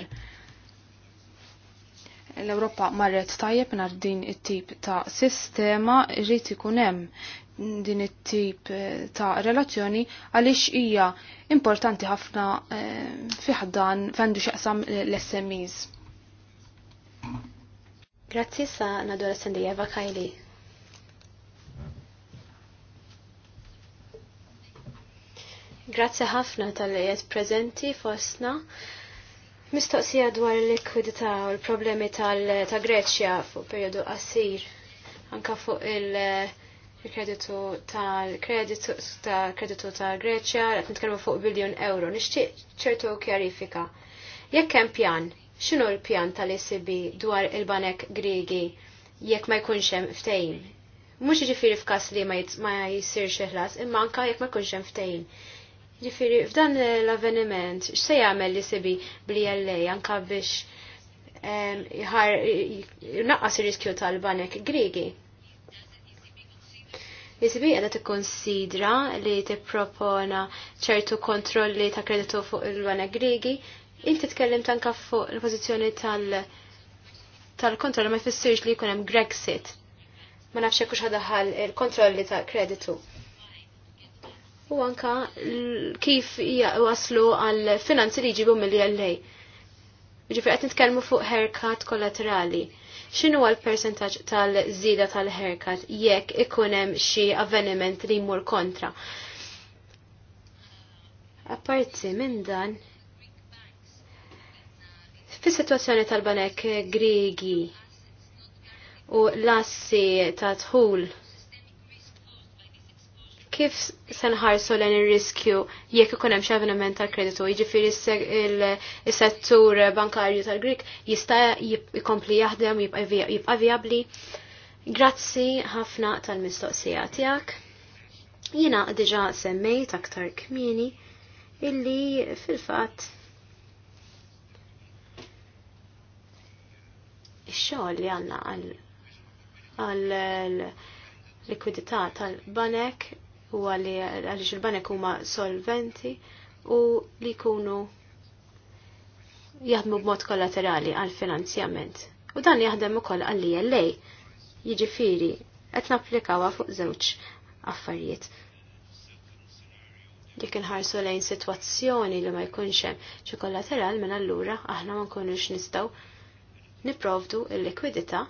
l-Europa marret tajjeb nar din it-tip ta' sistema irrid ikun hemm din it-tip eh, ta' relazzjoni għaliex hija importanti ħafna eh, fi ħaddan fendu xaqsam l-SMEs. Grazzi sa' Nadora Sandijeva Kajli. Grazzi ħafna tal lejet prezenti fosna. Mistoqsija dwar l-likwidità u l-problemi tal-Greċja fuq periodu qasir, anka fuq il- il-kreditu tal-kreditu tal-kreditu tal-Greċja, qed nitkellmu fuq biljun euro. Nixtieq ċertu kjarifika. Jekk hemm pjan, x'inhu l-pjan tal-ECB dwar il-banek Griegi jekk ma jkunx hemm ftehim? Mhux jiġifieri f'każ li ma jsirx iħlas, imma anke jekk ma jkunx hemm ftehim. Jiġifieri f'dan l-avveniment x'se jagħmel li e sibi bli LA anke biex jnaqqas ir-riskju tal-banek Griegi? Jisibi għedha tikkonsidra li tippropona ċertu kontrolli ta' kreditu fuq il-wana Grigi, inti tkellim tanka fuq il-pożizzjoni tal- tal-kontroll ma jfissirx li jkun hemm Grexit. Ma nafx hekk ħadaħal il-kontrolli ta' kreditu. U anka kif waslu għal finanzi li jġibu mill-LA. Ġifri qed nitkellmu fuq herkat kollaterali xinu l-persentaġġ tal-żieda tal herkat jekk ikun hemm xi avveniment li jmur kontra. Apparti minn dan, fis situazzjoni tal-banek grigi u l-assi ta' tħul kif senħarsu l ir-riskju jekk ikun hemm xi avveniment tal-kreditu, jiġifieri is-settur bankarju tal-Grik jista' jikompli jaħdem jibqa' vijabbli. Grazzi ħafna tal-mistoqsija tiegħek. Jiena diġà semmejt aktar kmieni illi fil-fatt ix-xogħol li għandna għal likwidità tal-banek u għaliex il-banek huma solventi u li jkunu jaħdmu b'mod kollaterali għal finanzjament. U dan jaħdem ukoll għalli ILA. Jiġifieri qed napplikawha fuq żewġ affarijiet. Jekk inħarsu lejn sitwazzjoni li ma jkunx hemm xi kollateral minn allura aħna ma nkunux nistgħu nipprovdu l-likwidità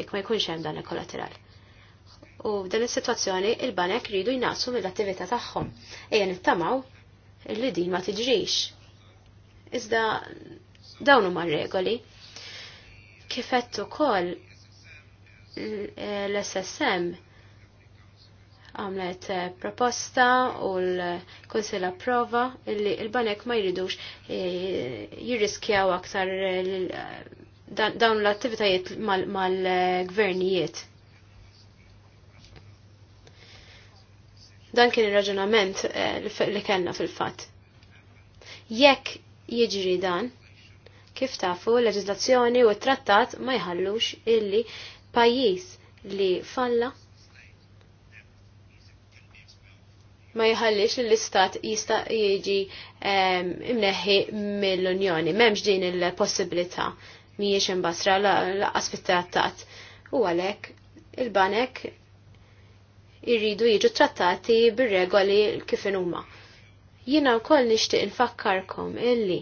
jekk ma jkunx hemm dan il kollaterali U f'dan is-sitwazzjoni il-banek ridu jnaqsu mill-attività tagħhom. Ejja nittamaw li din ma tiġrix. Iżda dawn huma regoli. Kif qed ukoll l-SSM għamlet proposta u l kunsill approva li l banek ma jridux e, jirriskjaw aktar dawn l-attivitajiet mal-gvernijiet. Dan kien ir-raġunament eh, li kellna fil-fatt. Jekk jiġri dan, kif tafu l leġizlazzjoni u t-trattat ma jħallux illi pajjiż li falla ma jħallix li l-istat jista' jiġi ehm, imneħħi mill-Unjoni. M'hemmx din il-possibilità mhijiex imbasra laqas fit-trattat. U għalhekk il-banek irridu jiġu trattati bir-regoli kif huma. Jiena wkoll nixtieq infakkarkom illi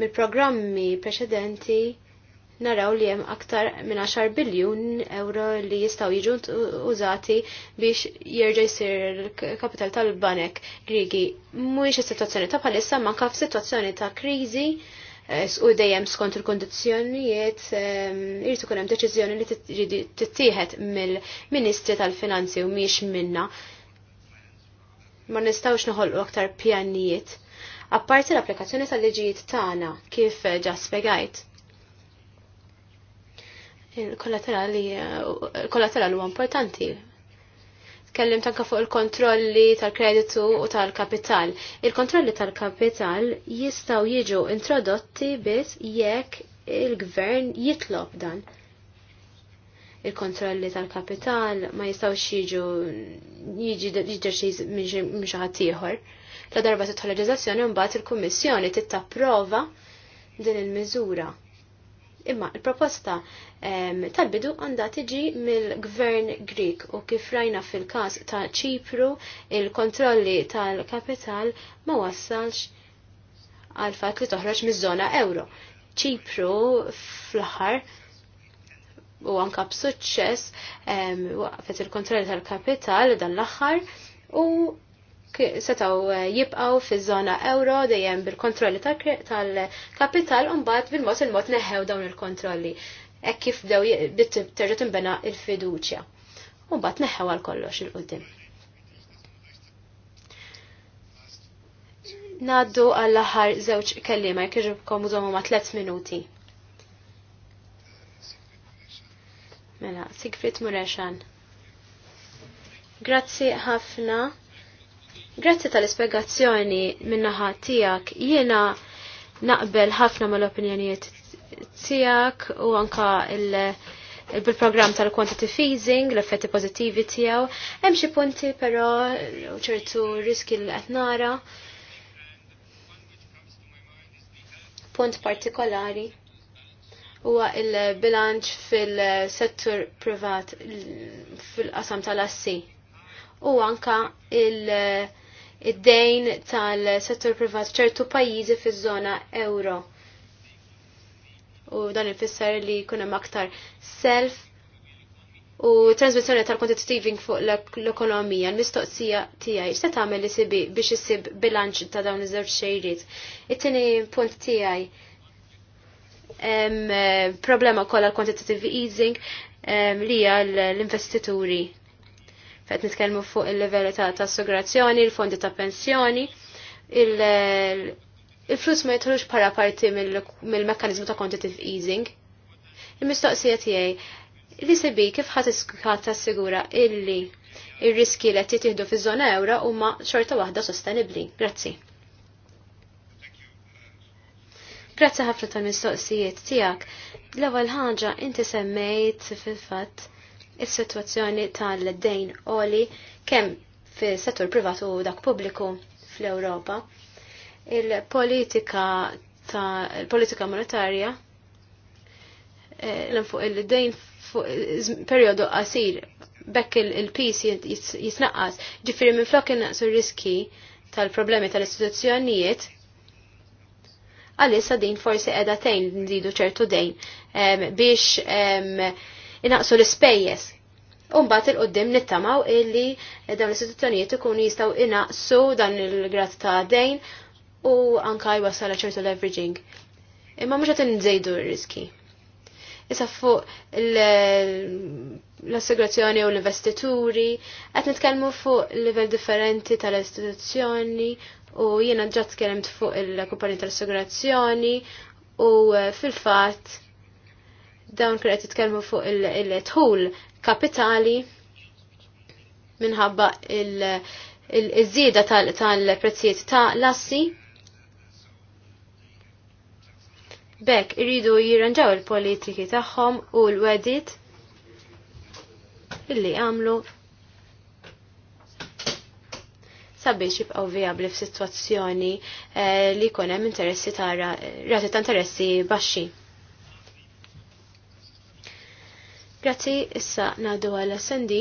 mill-programmi preċedenti naraw li hemm aktar minn 10 biljun euro li jistgħu jiġu użati biex jerġa' jsir kapital tal-banek Grigi. Mhuwiex is-sitwazzjoni ta' bħalissa manka f'sitwazzjoni ta' kriżi u dejjem skont il kondizjonijiet jrid ehm, ikun hemm deċiżjoni li tittieħed mill-Ministri tal-Finanzi u mhijiex minna. Ma nistgħux noħolqu aktar pjanijiet. Apparti l-applikazzjoni tal-liġijiet tagħna kif ġa spiegajt il-kollaterali eh, huwa importanti Kellim tanka fuq il-kontrolli tal-kreditu u tal-kapital. Il-kontrolli tal-kapital jistaw jiġu introdotti biss jekk il-gvern jitlob dan. Il-kontrolli tal-kapital ma jistaw jiġu jiġi minn xi ħadd ieħor. La darba titħol leġiżazzjoni mbagħad il-Kummissjoni t-tapprova din il-miżura Imma il-proposta tal-bidu għandha tiġi mill-gvern Grik u kif rajna fil-każ ta' Ċipru il-kontrolli tal-kapital ma wassalx għal fatt li toħroġ miż-żona euro. Ċipru fl-aħħar u anka b'suċċess waqfet il-kontrolli tal-kapital dan l-aħħar u setaw eh, jibqaw fi zona euro dejjem bil-kontrolli tal-kapital u mbagħad bil-mod il-mod neħew dawn il-kontrolli. Hekk kif bdew terġa' tinbena il-fiduċja. U mbagħad neħew għal kollox il-qudiem. Naddu għall-aħħar żewġ kellima jekk irribkom użomu ma' tliet minuti. Mela, Sigfrid Mureshan. Grazzi ħafna Grazzi tal-ispiegazzjoni minnaħa tijak, jiena naqbel ħafna mal-opinjonijiet tijak u anka il-program tal-quantitative easing, l-effetti pozitivi tijaw. Hemm xi punti però ċertu riski l qed nara. Punt partikolari huwa il-bilanċ fil-settur privat fil-qasam tal-assi u anka il- id-dejn tal-settur privat ċertu pajjiżi fiż-żona euro. U dan ifisser li jkun hemm aktar self u transmissjoni tal-quantitative fuq l-ekonomija, l-mistoqsija tiegħi se tagħmel li sibi biex isib bilanċ ta' dawn iż-żewġ xejriet. It-tieni punt tiegħi eh, problema kollha l-quantitative easing eh, li hija l-investituri qed nitkellmu fuq il-livell ta' assigurazzjoni, il-fondi ta' pensjoni, il-flus ma jitħlux para parti mill-mekkanizmu ta' quantitative easing. Il-mistoqsija tiegħi li sebi kif ħadd tassigura illi il riski li qed jittieħdu fiż-żona ewra huma xorta waħda sostenibbli. Grazzi. Grazzi ħafna tal-mistoqsijiet tiegħek. L-ewwel ħaġa inti semmejt fil-fatt is-sitwazzjoni tal-dejn oli kemm fis-settur privatu u dak pubbliku fl-Ewropa. Il-politika ta' il-politika monetarja l eh, fuq il-dejn fuq periodu qasir bekk il pc jisnaqqas, Ġifiri minn flok innaqsu riski tal-problemi tal-istituzzjonijiet għalissa din forsi edha tejn nżidu ċertu dejn biex inaqsu l-ispejjeż. Umbat il-qoddim nittamaw illi dawn l-istituzzjonijiet ikunu jistgħu inaqsu dan il-grat ta' dejn u anka jwassal ċertu leveraging. Imma mhux qed nżejdu r-riski. Issa fuq l-assigurazzjoni u l-investituri, qed nitkellmu fuq livell differenti tal-istituzzjoni u jiena ġat tkellimt fuq il-kumpanija tal-assigurazzjoni u fil-fatt dawn kienet titkellmu fuq il-tħul kapitali minħabba il-żieda tal-prezzijiet ta' lassi. Bek iridu jirranġaw il-politiki tagħhom u l-wedit illi għamlu sabiex jibqaw viabli f'sitwazzjoni eh, li jkun hemm interessi tara rati ta' interessi baxxi. Grazzi, issa nadu għala Sandy.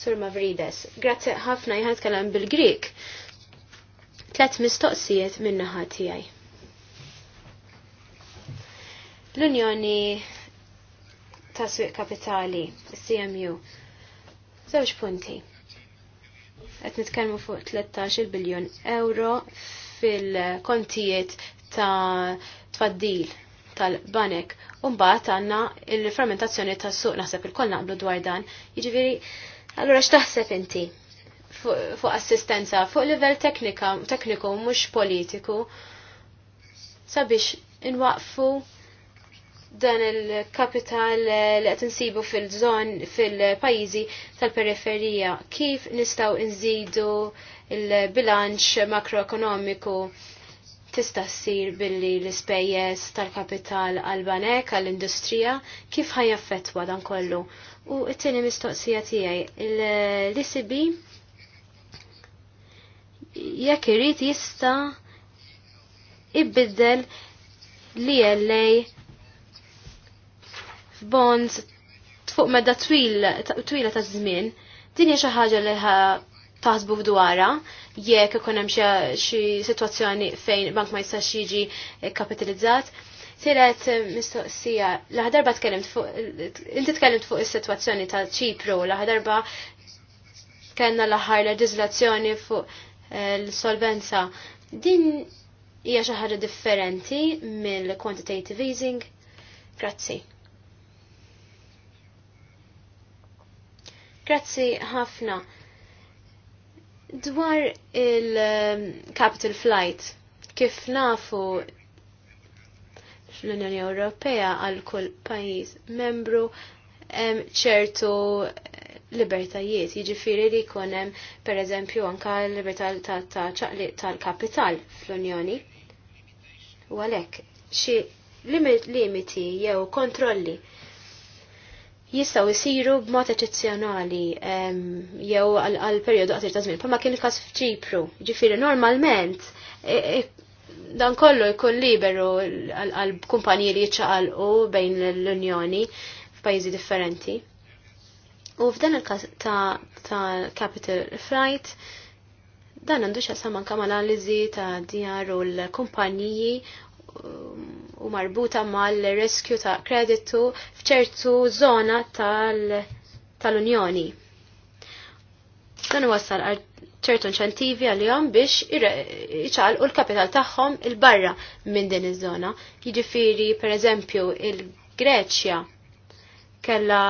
Sur Mavrides, grazzi ħafna jħan kalam bil-Grik. Tlet mistoqsijiet minna ħati tiegħi. L-Unjoni Taswiq Kapitali, CMU, żewġ punti. Qed nitkellmu fuq 13 biljon euro fil-kontijiet ta' tfaddil tal-banek. Umbat għanna il-fermentazzjoni ta' suq naħseb il-koll naqblu dwar dan. Jiġifieri, allura x'taħseb inti fuq assistenza fuq livell tekniku mhux politiku sabiex inwaqfu dan il-kapital li qed insibu fil-żon fil-pajjiżi tal-periferija. Kif nistgħu nżidu il-bilanċ makroekonomiku tista' ssir billi l-ispejjeż tal-kapital għal-banek għall-industrija kif ħajaffettwa dan kollu. U t-tieni mistoqsija tiegħi l-ICB jekk irid jista' ibbiddel li e LA f'bonds fuq medda twila ta' żmien. Din hija xi ħaġa li ħa taħsbu dwarha jekk ikun hemm xi sitwazzjoni fejn bank ma jistax jiġi kapitalizzat. Tiret eh, mistoqsija, laħdarba tkellimt fuq, inti tkellimt fuq is-sitwazzjoni ta' Ċipru, laħdarba kellna l-aħħar leġiżlazzjoni fuq eh, l-solvenza. Din hija xi ħaġa differenti mill-quantitative easing. Grazzi. Grazzi ħafna. Dwar il-Capital um, Flight, kif nafu l-Unjoni Ewropea għal kull pajjiż membru ċertu libertajiet, jiġifieri li jkun hemm pereżempju anke l-libertà tal-kapital fl-Unjoni. U għalhekk xi limiti jew kontrolli jistaw jisiru b'mod eċezzjonali jew għal periodu qasir ta' żmien, bħalma kien il-każ f'Ċipru. Ġifieri normalment e, e, dan kollu jkun liberu għal kumpaniji li jiċċaqalqu bejn l-Unjoni f'pajjiżi differenti. U f'dan il-każ ta' Capital Fright dan għandu xaqsam anke mal-analiżi ta' djar u l-kumpaniji u marbuta mal-reskju ta' kreditu fċertu zona tal-Unjoni. Dan wassal ċertu inċentivi għal-jom biex u l-kapital tagħhom il-barra minn din iż-żona. Jiġifieri pereżempju il-Greċja kella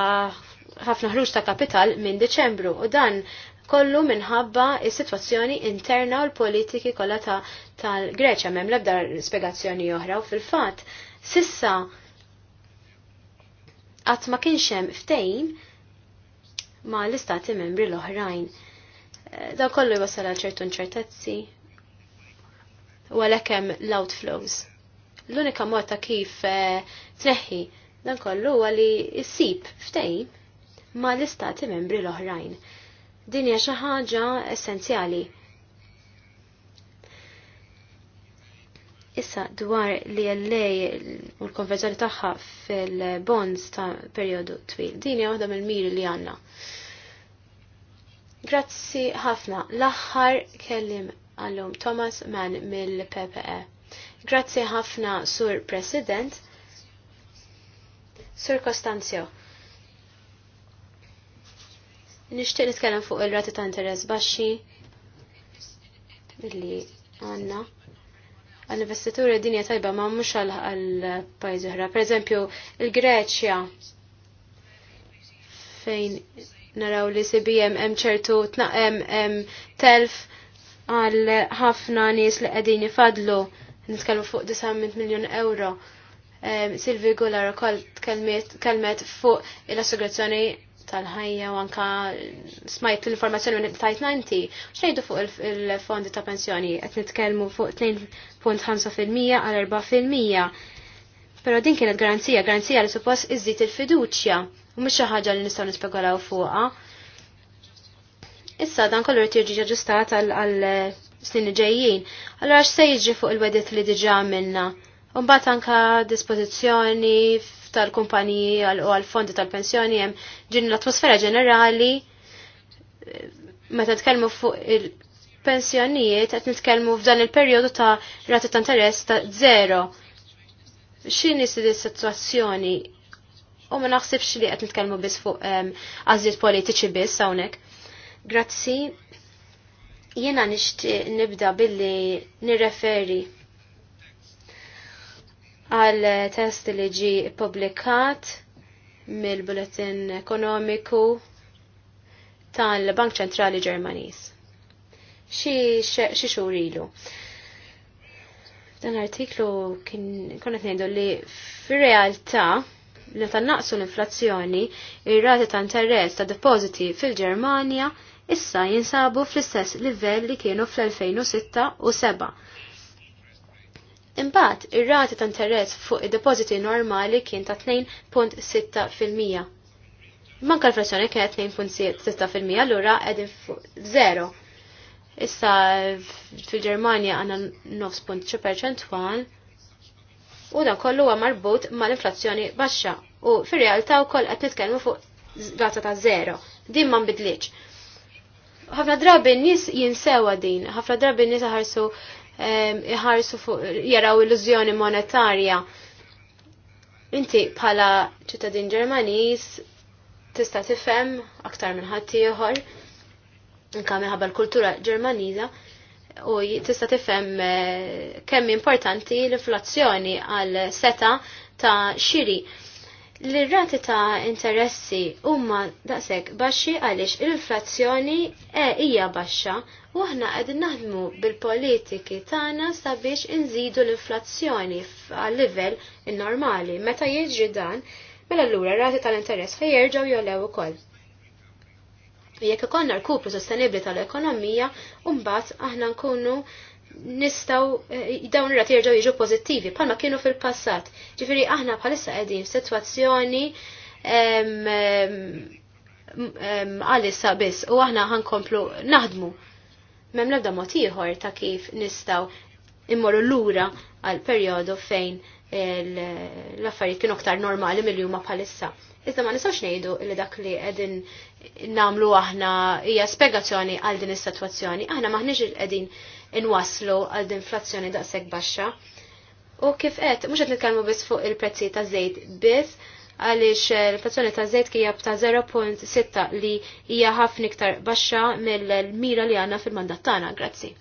ħafna ħruġ ta' kapital minn Deċembru u dan kollu minħabba is-sitwazzjoni interna u l-politiki kollha tal-Greċja m'hemm l-ebda spjegazzjoni oħra u fil-fatt sissa qatt ma kienx hemm ftehim ma l-istati membri l-oħrajn. Eh, da kollu jwassal għal ċertu nċertezzi u għalhekk hemm l-outflows. L-unika mod ta' kif eh, tneħħi dan kollu huwa li ssib ftejn ma l-istati membri l-oħrajn. Din hija xi ħaġa essenzjali. Issa dwar li għallej u l-konverzjoni tagħha fil-bonds ta' perjodu twil. Din hija waħda mill-miri li għandna. Grazzi ħafna. L-aħħar kellim għallum Thomas Mann mill-PPE. Grazzi ħafna, Sur President. Sur Costanzio. Nixtieq nitkellem fuq il-rati ta' interess baxxi illi għandna. Għall-investituri dinja tajba ma mhux għal pajjiż oħra. Pereżempju, il-Greċja fejn naraw li CBM hemm ċertu tnaqem hemm telf għal ħafna nies li qegħdin ifadlu nitkellmu fuq 900 miljun euro. Silvi Gular ukoll kelmet fuq il-assigurazzjoni tal-ħajja u anka smajt l-informazzjoni minn tajt nanti, Xejdu fuq il-fondi ta' pensjoni qed nitkellmu fuq 2.5% għal 4%. Però din kienet garanzija, garanzija li suppost iżżid il-fiduċja u mhux xi ħaġa li nistgħu nispekulaw fuqha. Issa dan kollu rrid jiġi ġustat għal snin ġejjin. Allora x'se jiġri fuq il-wedet li diġà minna? bat anka dispożizzjoni tal-kumpaniji u għal-fondi tal-pensjoni hemm ġin l-atmosfera ġenerali meta tkellmu fuq il-pensjonijiet qed nitkellmu f'dan il-perjodu ta' rati ta' interess ta' zero. X'inhi is-sitwazzjoni? U ma naħsibx li qed nitkellmu biss fuq għażliet politiċi biss hawnhekk. Grazzi. Jiena nixtieq nibda billi nirreferi għal test li ġi publikat mill-Bulletin Ekonomiku tal-Bank Ċentrali Ġermanis. Xi xhur ilu. Dan artiklu kien konet ngħidu li fir-realtà meta naqsu l-inflazzjoni, ir-rati ta' interess ta' depositi fil-Ġermanja issa jinsabu fl-istess livell li kienu fl-2006 u 7 Imbagħad ir-rati ta' interess fuq id-depożiti normali kien ta' 2.6%. Manka l-frazzjoni kienet 2.6% allura qegħdin fuq zero. Issa fil-Ġermanja għandna 9.3 perċentwal u dan kollu huwa marbut mal-inflazzjoni baxxa u fir-realtà wkoll qed nitkellmu fuq rata ta' 0. Din ma nbidlitx ħafna drabi n-nis jinsewa din, ħafna drabi n-nis ħarsu iħarsu fuq jaraw illużjoni monetarja. Inti bħala ċittadin Ġermaniż tista' tifhem aktar minn ħadd ieħor anke minħabba l-kultura Ġermaniża u tista' tifhem eh, kemm importanti l-inflazzjoni għal seta ta' xiri L-rati ta' interessi huma daqshekk baxxi għaliex l-inflazzjoni e eh, hija baxxa u aħna qegħdin naħdmu bil-politiki tagħna sabiex inżidu l-inflazzjoni għal livell normali. Meta jiġri dan, mela allura r-rati tal-interess ħajerġgħu jolew ukoll. Jekk ikollna rkupru sostenibbli tal-ekonomija, mbagħad aħna nkunu nistaw eh, dawn ir jirġaw jiġu pozittivi palma kienu fil-passat. Ġifiri aħna bħalissa qegħdin f'sitwazzjoni għalissa biss u aħna ħankomplu naħdmu. Mem nabda mod ieħor ta' kif nistaw immorru lura għal perjodu fejn l-affarijiet kienu aktar normali mill-juma bħalissa. Iżda ma nistgħux ngħidu li dak li qegħdin namlu aħna hija spjegazzjoni għal din is-sitwazzjoni, aħna maħniex qegħdin inwaslu għal inflazzjoni daqshekk baxxa. U kif qed, mhux qed nitkellmu biss fuq il-prezzi ta' żejt biss, għaliex eh, l-inflazzjoni ta' żejt kija ta' 0.6 li hija ħafna iktar baxxa mill-mira li għandna fil-mandat tagħna. Grazzi.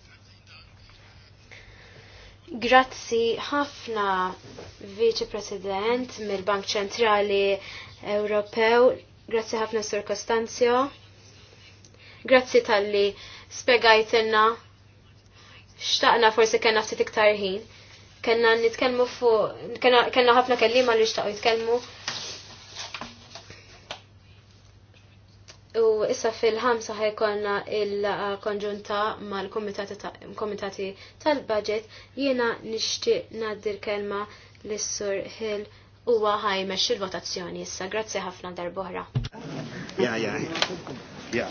Grazzi ħafna Vice President mill-Bank Ċentrali Ewropew. Grazzi ħafna Sur Costanzio, Grazzi tal-li spiegajtilna xtaqna forsi kena ftit iktar ħin. Kenna nitkellmu fuq, kenna ħafna kellima li xtaqu jitkellmu. U issa fil-ħamsa ħajkonna il-konġunta mal-komitati tal-budget jiena nixtieq naddir kelma l-Sur Hill u għaj il-votazzjoni issa. Grazzi ħafna darbohra. Ja, ja, ja.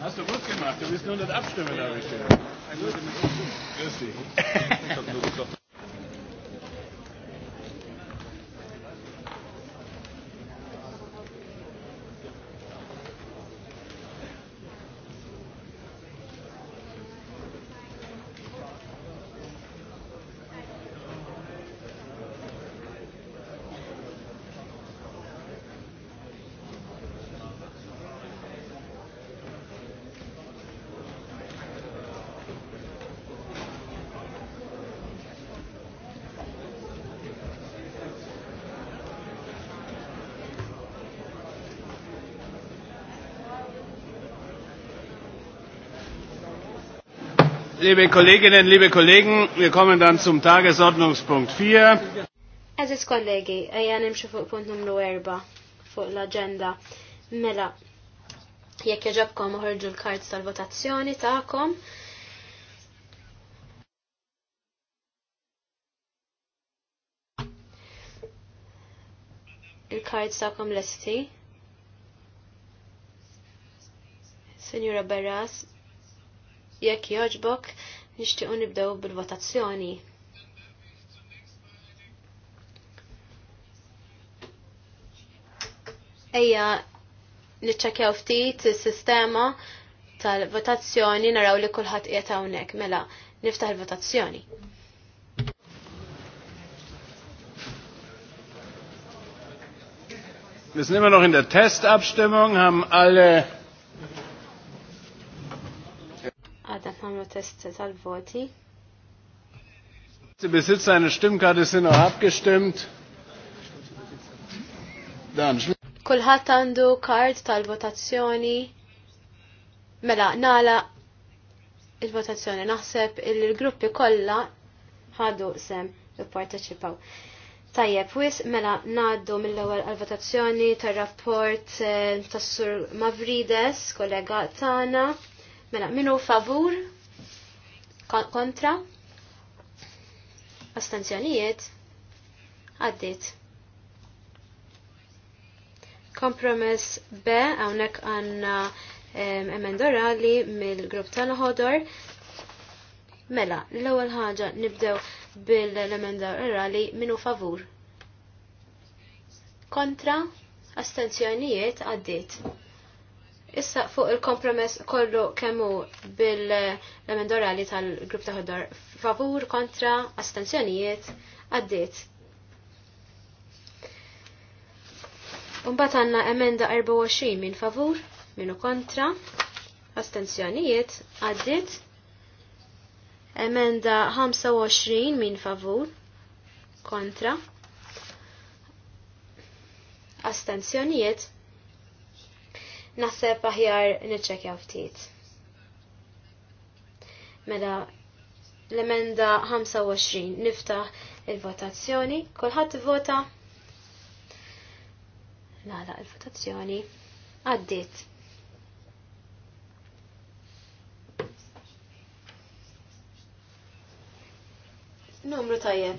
Hast du gut gemacht, du bist nur nicht abstimmen, habe ich gehört. Grüß dich. Liebe Kolleginnen, liebe Kollegen, wir kommen dann zum Tagesordnungspunkt 4. Eżis kollegi, ejja nimxu fuq punt numru 4 fuq l-agenda. Mela, jekk jaġabkom uħorġu l-kards tal-votazzjoni ta'kom. Il-kards ta'kom l-esti. Senjura Berras, jekk joġbok nixtiequ nibdew bil-votazzjoni. Ejja niċċekkjaw ftit is-sistema tal-votazzjoni naraw li kulħadd qiegħed hawnhekk mela niftaħ il-votazzjoni. Wir sind immer noch in der Testabstimmung, haben alle għamlu test tal-voti. Sie besitzt Stimmkarte, sind abgestimmt. Kulħadd għandu kard tal-votazzjoni. Mela, nala il-votazzjoni naħseb il-gruppi kollha ħadu sem ipparteċipaw. Tajjeb, wis mela naddu mill-ewwel għal-votazzjoni tar-rapport eh, tas-Sur Mavrides, kollega tagħna. Mela, minu favur? kontra astenzjonijiet għaddit. Kompromess B hawnhekk għandna emendorali mill-grupp tal-ħodor. Mela, l-ewwel ħaġa nibdew bil-emenda orali minu favur. Kontra astenzjonijiet għaddit. Issa fuq il-kompromess kollu kemmu bil-emendorali tal-grupp ta' ħodor favur kontra astenzjonijiet għaddiet. Umbat għanna emenda 24 min favur, minnu kontra, astenzjonijiet għaddit. Emenda 25 min favur, kontra, astenzjonijiet naħseb aħjar niċċekjaw ftit. Mela l-emenda 25 niftaħ il-votazzjoni, kulħadd vota Nagħlaq il-votazzjoni għaddit. numru tajjeb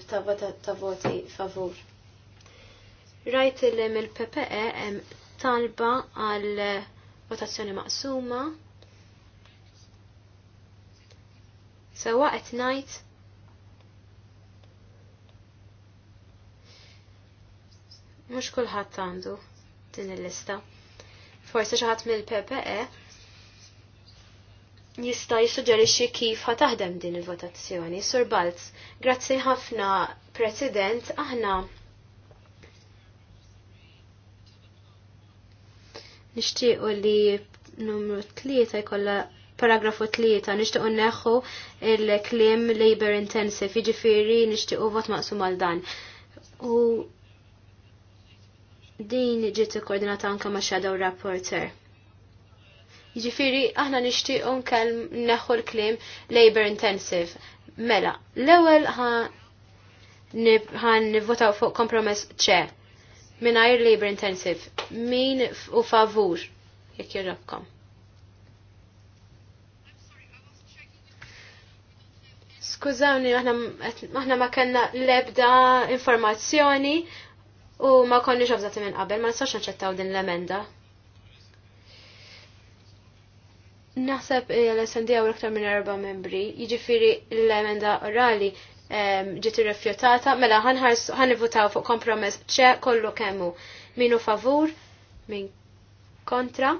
ta' voti favur. Rajt li mill-PPE hemm talba għal votazzjoni maqsuma. Sewa qed ngħid mhux kulħadd għandu din il-lista. Forsi xi ħadd mill-PPE jista jissuġġerixxi kif ħa taħdem din il-votazzjoni. Sur Balz, grazzi ħafna President, aħna nixtiequ li numru tlieta jkollha paragrafu tlieta nixtiequ neħħu il-klim labor intensive, jiġifieri nixtiequ vot maqsum għal dan. U din ġiet ikkoordinata anke ma' Shadow Rapporter. Jiġifieri aħna nixtiequ nkell nneħħu l-klim labor intensive. Mela, l-ewwel ħan nivvotaw fuq kompromess ċe Minajr labor intensive, min u favur, jek jirrabkom. Skużawni, aħna ma kena lebda informazzjoni u ma konni xabżati minn qabel, ma nistax nċettaw din l-emenda. Naħseb eh, l-SND għaw l-aktar minn erba membri, jġifiri l-emenda orali ġiet irrifjutata, mela ħan votaw fuq kompromess ċe kollu kemmu. Minu favur, min kontra.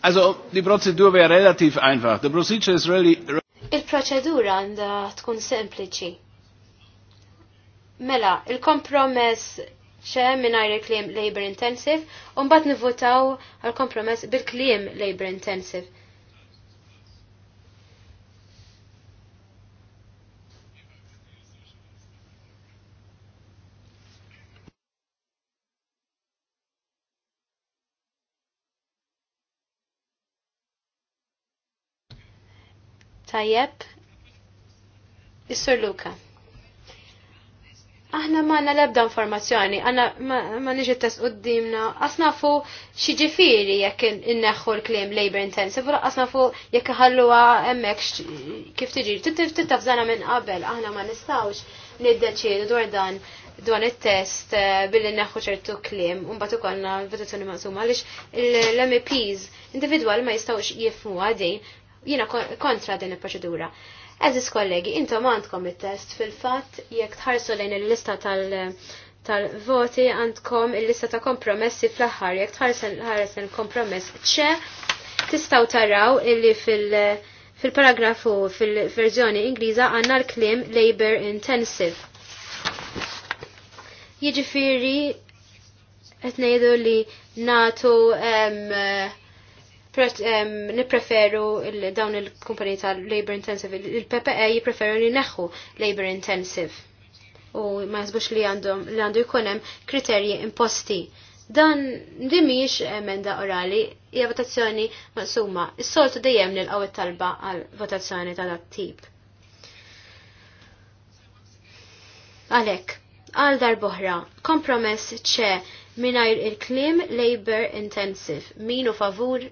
Also, die Prozedur wäre relativ einfach. The procedure is really... Il-proċedura għandha tkun sempliċi. Mela, il-kompromess xem mingħajr il-klim labor intensive u mbagħad nivvotaw għal kompromess bil-klim labor intensive. Tajjeb, Is-Sur Luka. Aħna għanna lebda informazzjoni, għanna ma nġi test qoddimna, għasna fu xieġifiri jekk inneħħu l-klim labor intensive, u għasna fu jekk ħallu għemmek kif tiġi, tafżana minn qabel, aħna ma nistawx niddeċidu dwar dan dwar il-test eh, billi neħħu ċertu klim, batu konna l-votazzjoni maqsuma għaliex l-MEPs individual ma jistawx jifmu għadin, jiena kontra din il-proċedura. Eżis kollegi, intom għandkom il-test fil-fat, jekk tħarsu lejn il-lista tal-voti għandkom il-lista ta' kompromessi fl-aħħar, jekk tħarsen kompromess ċe, tistaw taraw illi fil- fil-paragrafu fil-verżjoni Ingliża għanna l-klim labor intensive. Jiġifieri qed ngħidu li natu um, nipreferu dawn il-kumpaniji tal-labor intensive, il-PPE jipreferu li neħu labor intensive u ma jazbux li għandhom li għandu jkunem kriterji imposti. Dan dimiex emenda orali hija votazzjoni maqsuma. Is-soltu dejjem nilqgħu it-talba għal votazzjoni ta' dat tip. Għalhekk, għal darboħra, kompromess ċe mingħajr il-klim labor intensive, min u favur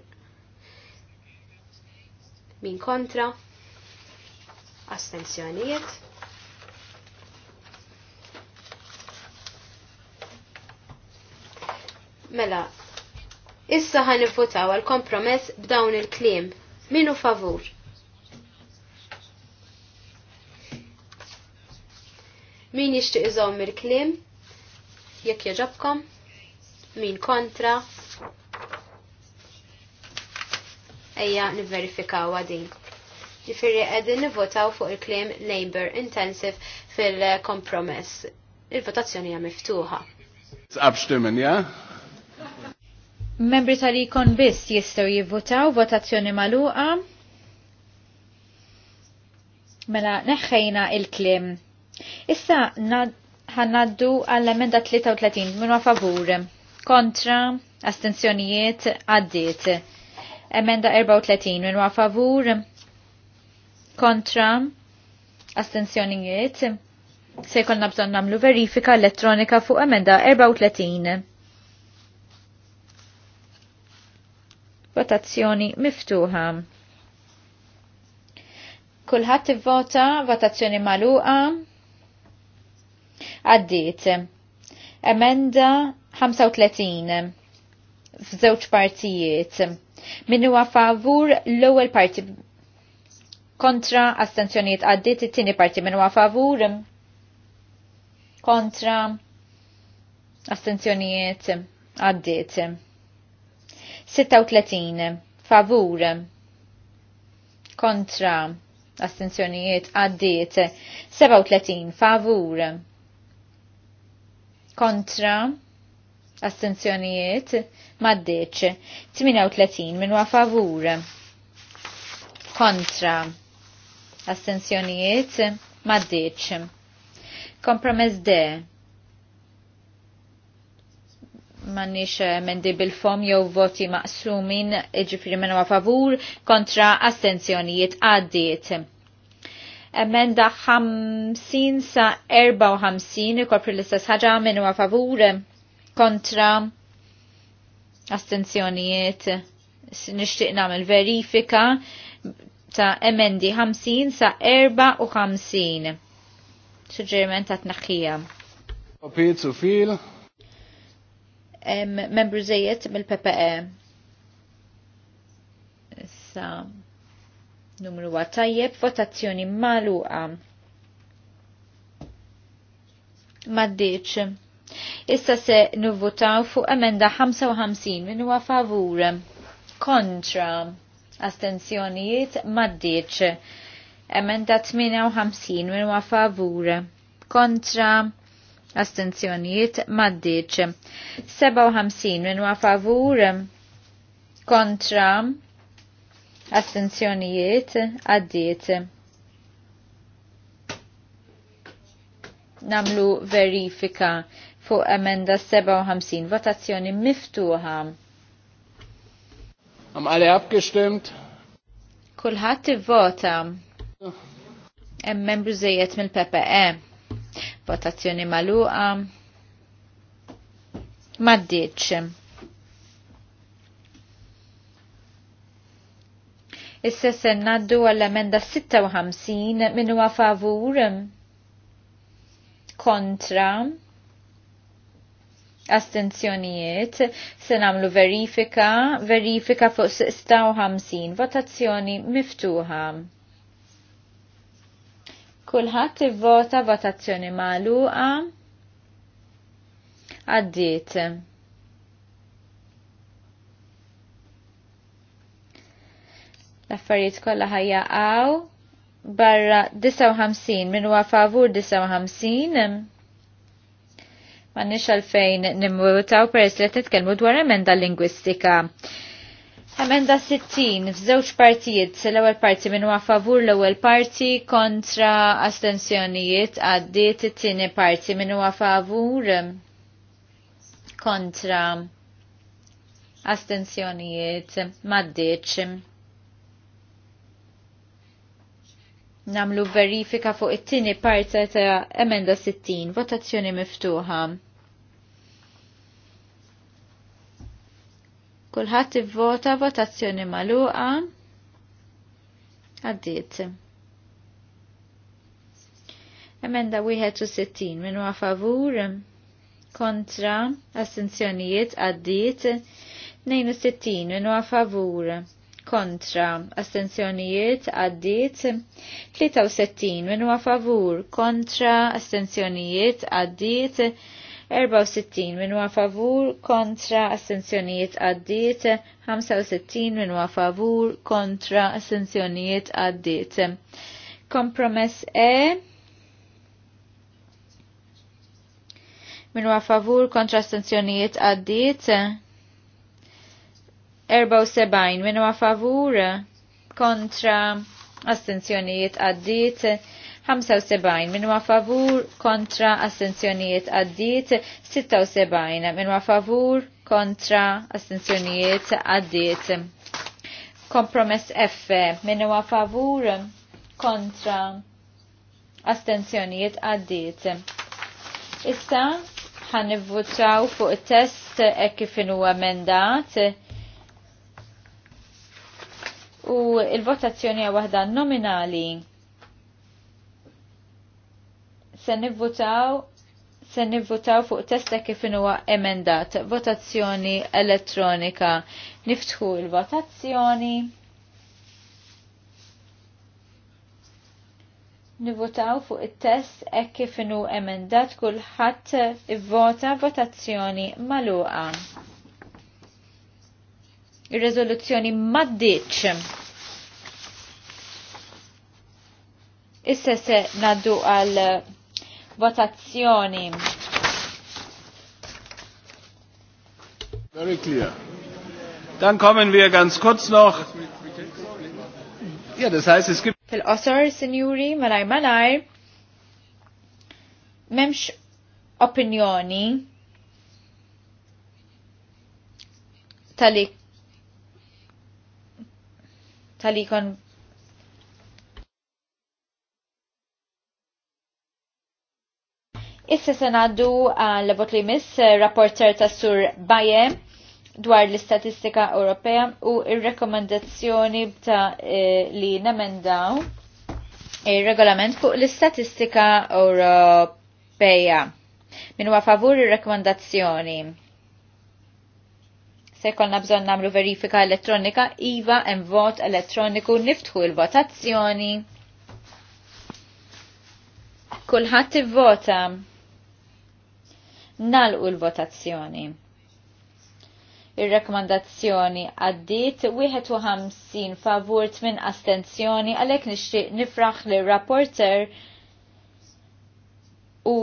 min kontra, astensjonijiet. Mela, issa ħan nifutaw għal kompromess b'dawn il-klim. Minu favur? Min jixtieq iżom il-klim? Jekk jaġobkom? Min kontra? ejja niverifikaw għadin. Ġifiri għedin nivotaw fuq il-klim Labour Intensive fil-kompromess. Il-votazzjoni hija miftuħa. Abstimmen, ja? Membri tal-ikon biss jistaw jivvotaw votazzjoni maluqa. Mela neħħejna il-klim. Issa ħannaddu għall-emenda 33 minn favur. Kontra, astenzjonijiet, għaddiet. Emenda 34 minn huwa favur kontra astensjonijiet se jkollna bżonn nagħmlu verifika elettronika fuq emenda 34. Votazzjoni miftuħa. Kulħadd ivvota votazzjoni magħluqa. Għaddiet. Emenda 35 f'żewġ partijiet Min huwa favur l-ewwel parti kontra astenzjoniet għaddit it-tieni parti minnu huwa favur kontra astenzjonijiet għaddit. 36 favur kontra astenzjoniet għaddit 37 favur kontra Astenzjonijiet maddeċ. 38 minn favur. Kontra. Astenzjonijiet maddeċ. Kompromess D. Mannix mendi bil-fom jew voti maqsumin ġifiri minn favur kontra astenzjonijiet għaddiet emenda 50 sa 54 ikopri l-istess ħaġa minn huwa favur kontra astenzjonijiet nishtiq nagħmel verifika ta' emendi 50 sa' 54. Suġġeriment ta' tnaħħija. Opiet su fil. Membru zejiet mill-PPE. Issa numru wa tajjeb votazzjoni maluqa. Maddiċ. Issa se nuvvotaw fuq emenda 55 min huwa favur kontra astenzjonijiet maddiċ. Emenda 58 minn huwa favur kontra astenzjonijiet maddiċ. 57 min huwa favur kontra astenzjonijiet għaddiet. Namlu verifika fuq emenda 57, votazzjoni miftuħa. Am għale abgestimmt? Kulħadd ivvota. Hemm membru żejjed mill-PPE. Votazzjoni magħluqa. Maddiċ. Issa se naddu għall-emenda 56 min huwa favur kontra astenzjonijiet se namlu verifika, verifika fuq 56 votazzjoni miftuħa. Kulħadd ivvota votazzjoni magħluqa għaddiet. L-affarijiet kollha ħajjaqgħu barra 59 minn huwa favur 59 Mannix għalfejn taw peress li t-tkelmu dwar emenda lingwistika. Emenda 60 f'żewġ partijiet, l-ewwel parti minnu favur l-ewwel parti kontra astensjonijiet għaddiet it-tieni parti minnu favur kontra astensjonijiet maddiċ. Namlu verifika fuq it-tieni parti ta' emenda 60, votazzjoni miftuħa. Kulħadd ivvota votazzjoni magħluqa. Għaddiet. Emenda 61 minn huwa favur kontra astenzjonijiet għaddiet 62 minn huwa favur kontra astenzjonijiet għaddit 63 huwa favur kontra astenzjonijiet għaddiet 64 minn huwa favur kontra assenzjonijiet għaddiet, 65 minn huwa favur kontra assenzjonijiet għaddiet. Kompromess E minn huwa favur kontra assenzjonijiet għaddiet, 74 minn huwa favur kontra assenzjonijiet għaddiet, 75 minn huwa favur kontra astenzjonijiet għaddit, 76 minn huwa favur kontra astenzjonijiet għaddit. Kompromess F minn huwa favur kontra astenzjonijiet għaddit. Issa ħanivvutaw fuq test e kif huwa emendat u il-votazzjoni għahda nominali se nivvotaw se nivvotaw fuq testa kif huwa emendat. Votazzjoni elettronika. Niftħu il-votazzjoni. Nivvotaw fuq it-test hekk kif inhu emendat kulħadd ivvota votazzjoni magħluqa. Ir-riżoluzzjoni m'għaddiċ. Issa se naddu għal votazzjoni. Very clear. Dann kommen wir ganz kurz noch. Ja, das heißt, es gibt. fil osor signori, malaj malaj, memx opinjoni tali tali kon Issa se ngħaddu għal levot li miss eh, rapporter ta' Sur Bajem dwar l-istatistika Ewropea u il rekomendazzjoni ta' eh, li nemendaw ir-regolament fuq l-istatistika Ewropea. Min huwa favur ir-rekomendazzjoni. Se jkollna bżonn nagħmlu verifika elettronika iva hemm vot elettroniku niftħu l-votazzjoni. Kulħadd ivvota. vota nalqu l-votazzjoni. Ir-rekomandazzjoni għaddit 51 favur 8 astenzjoni għalhekk nixtieq nifraħ li rapporter u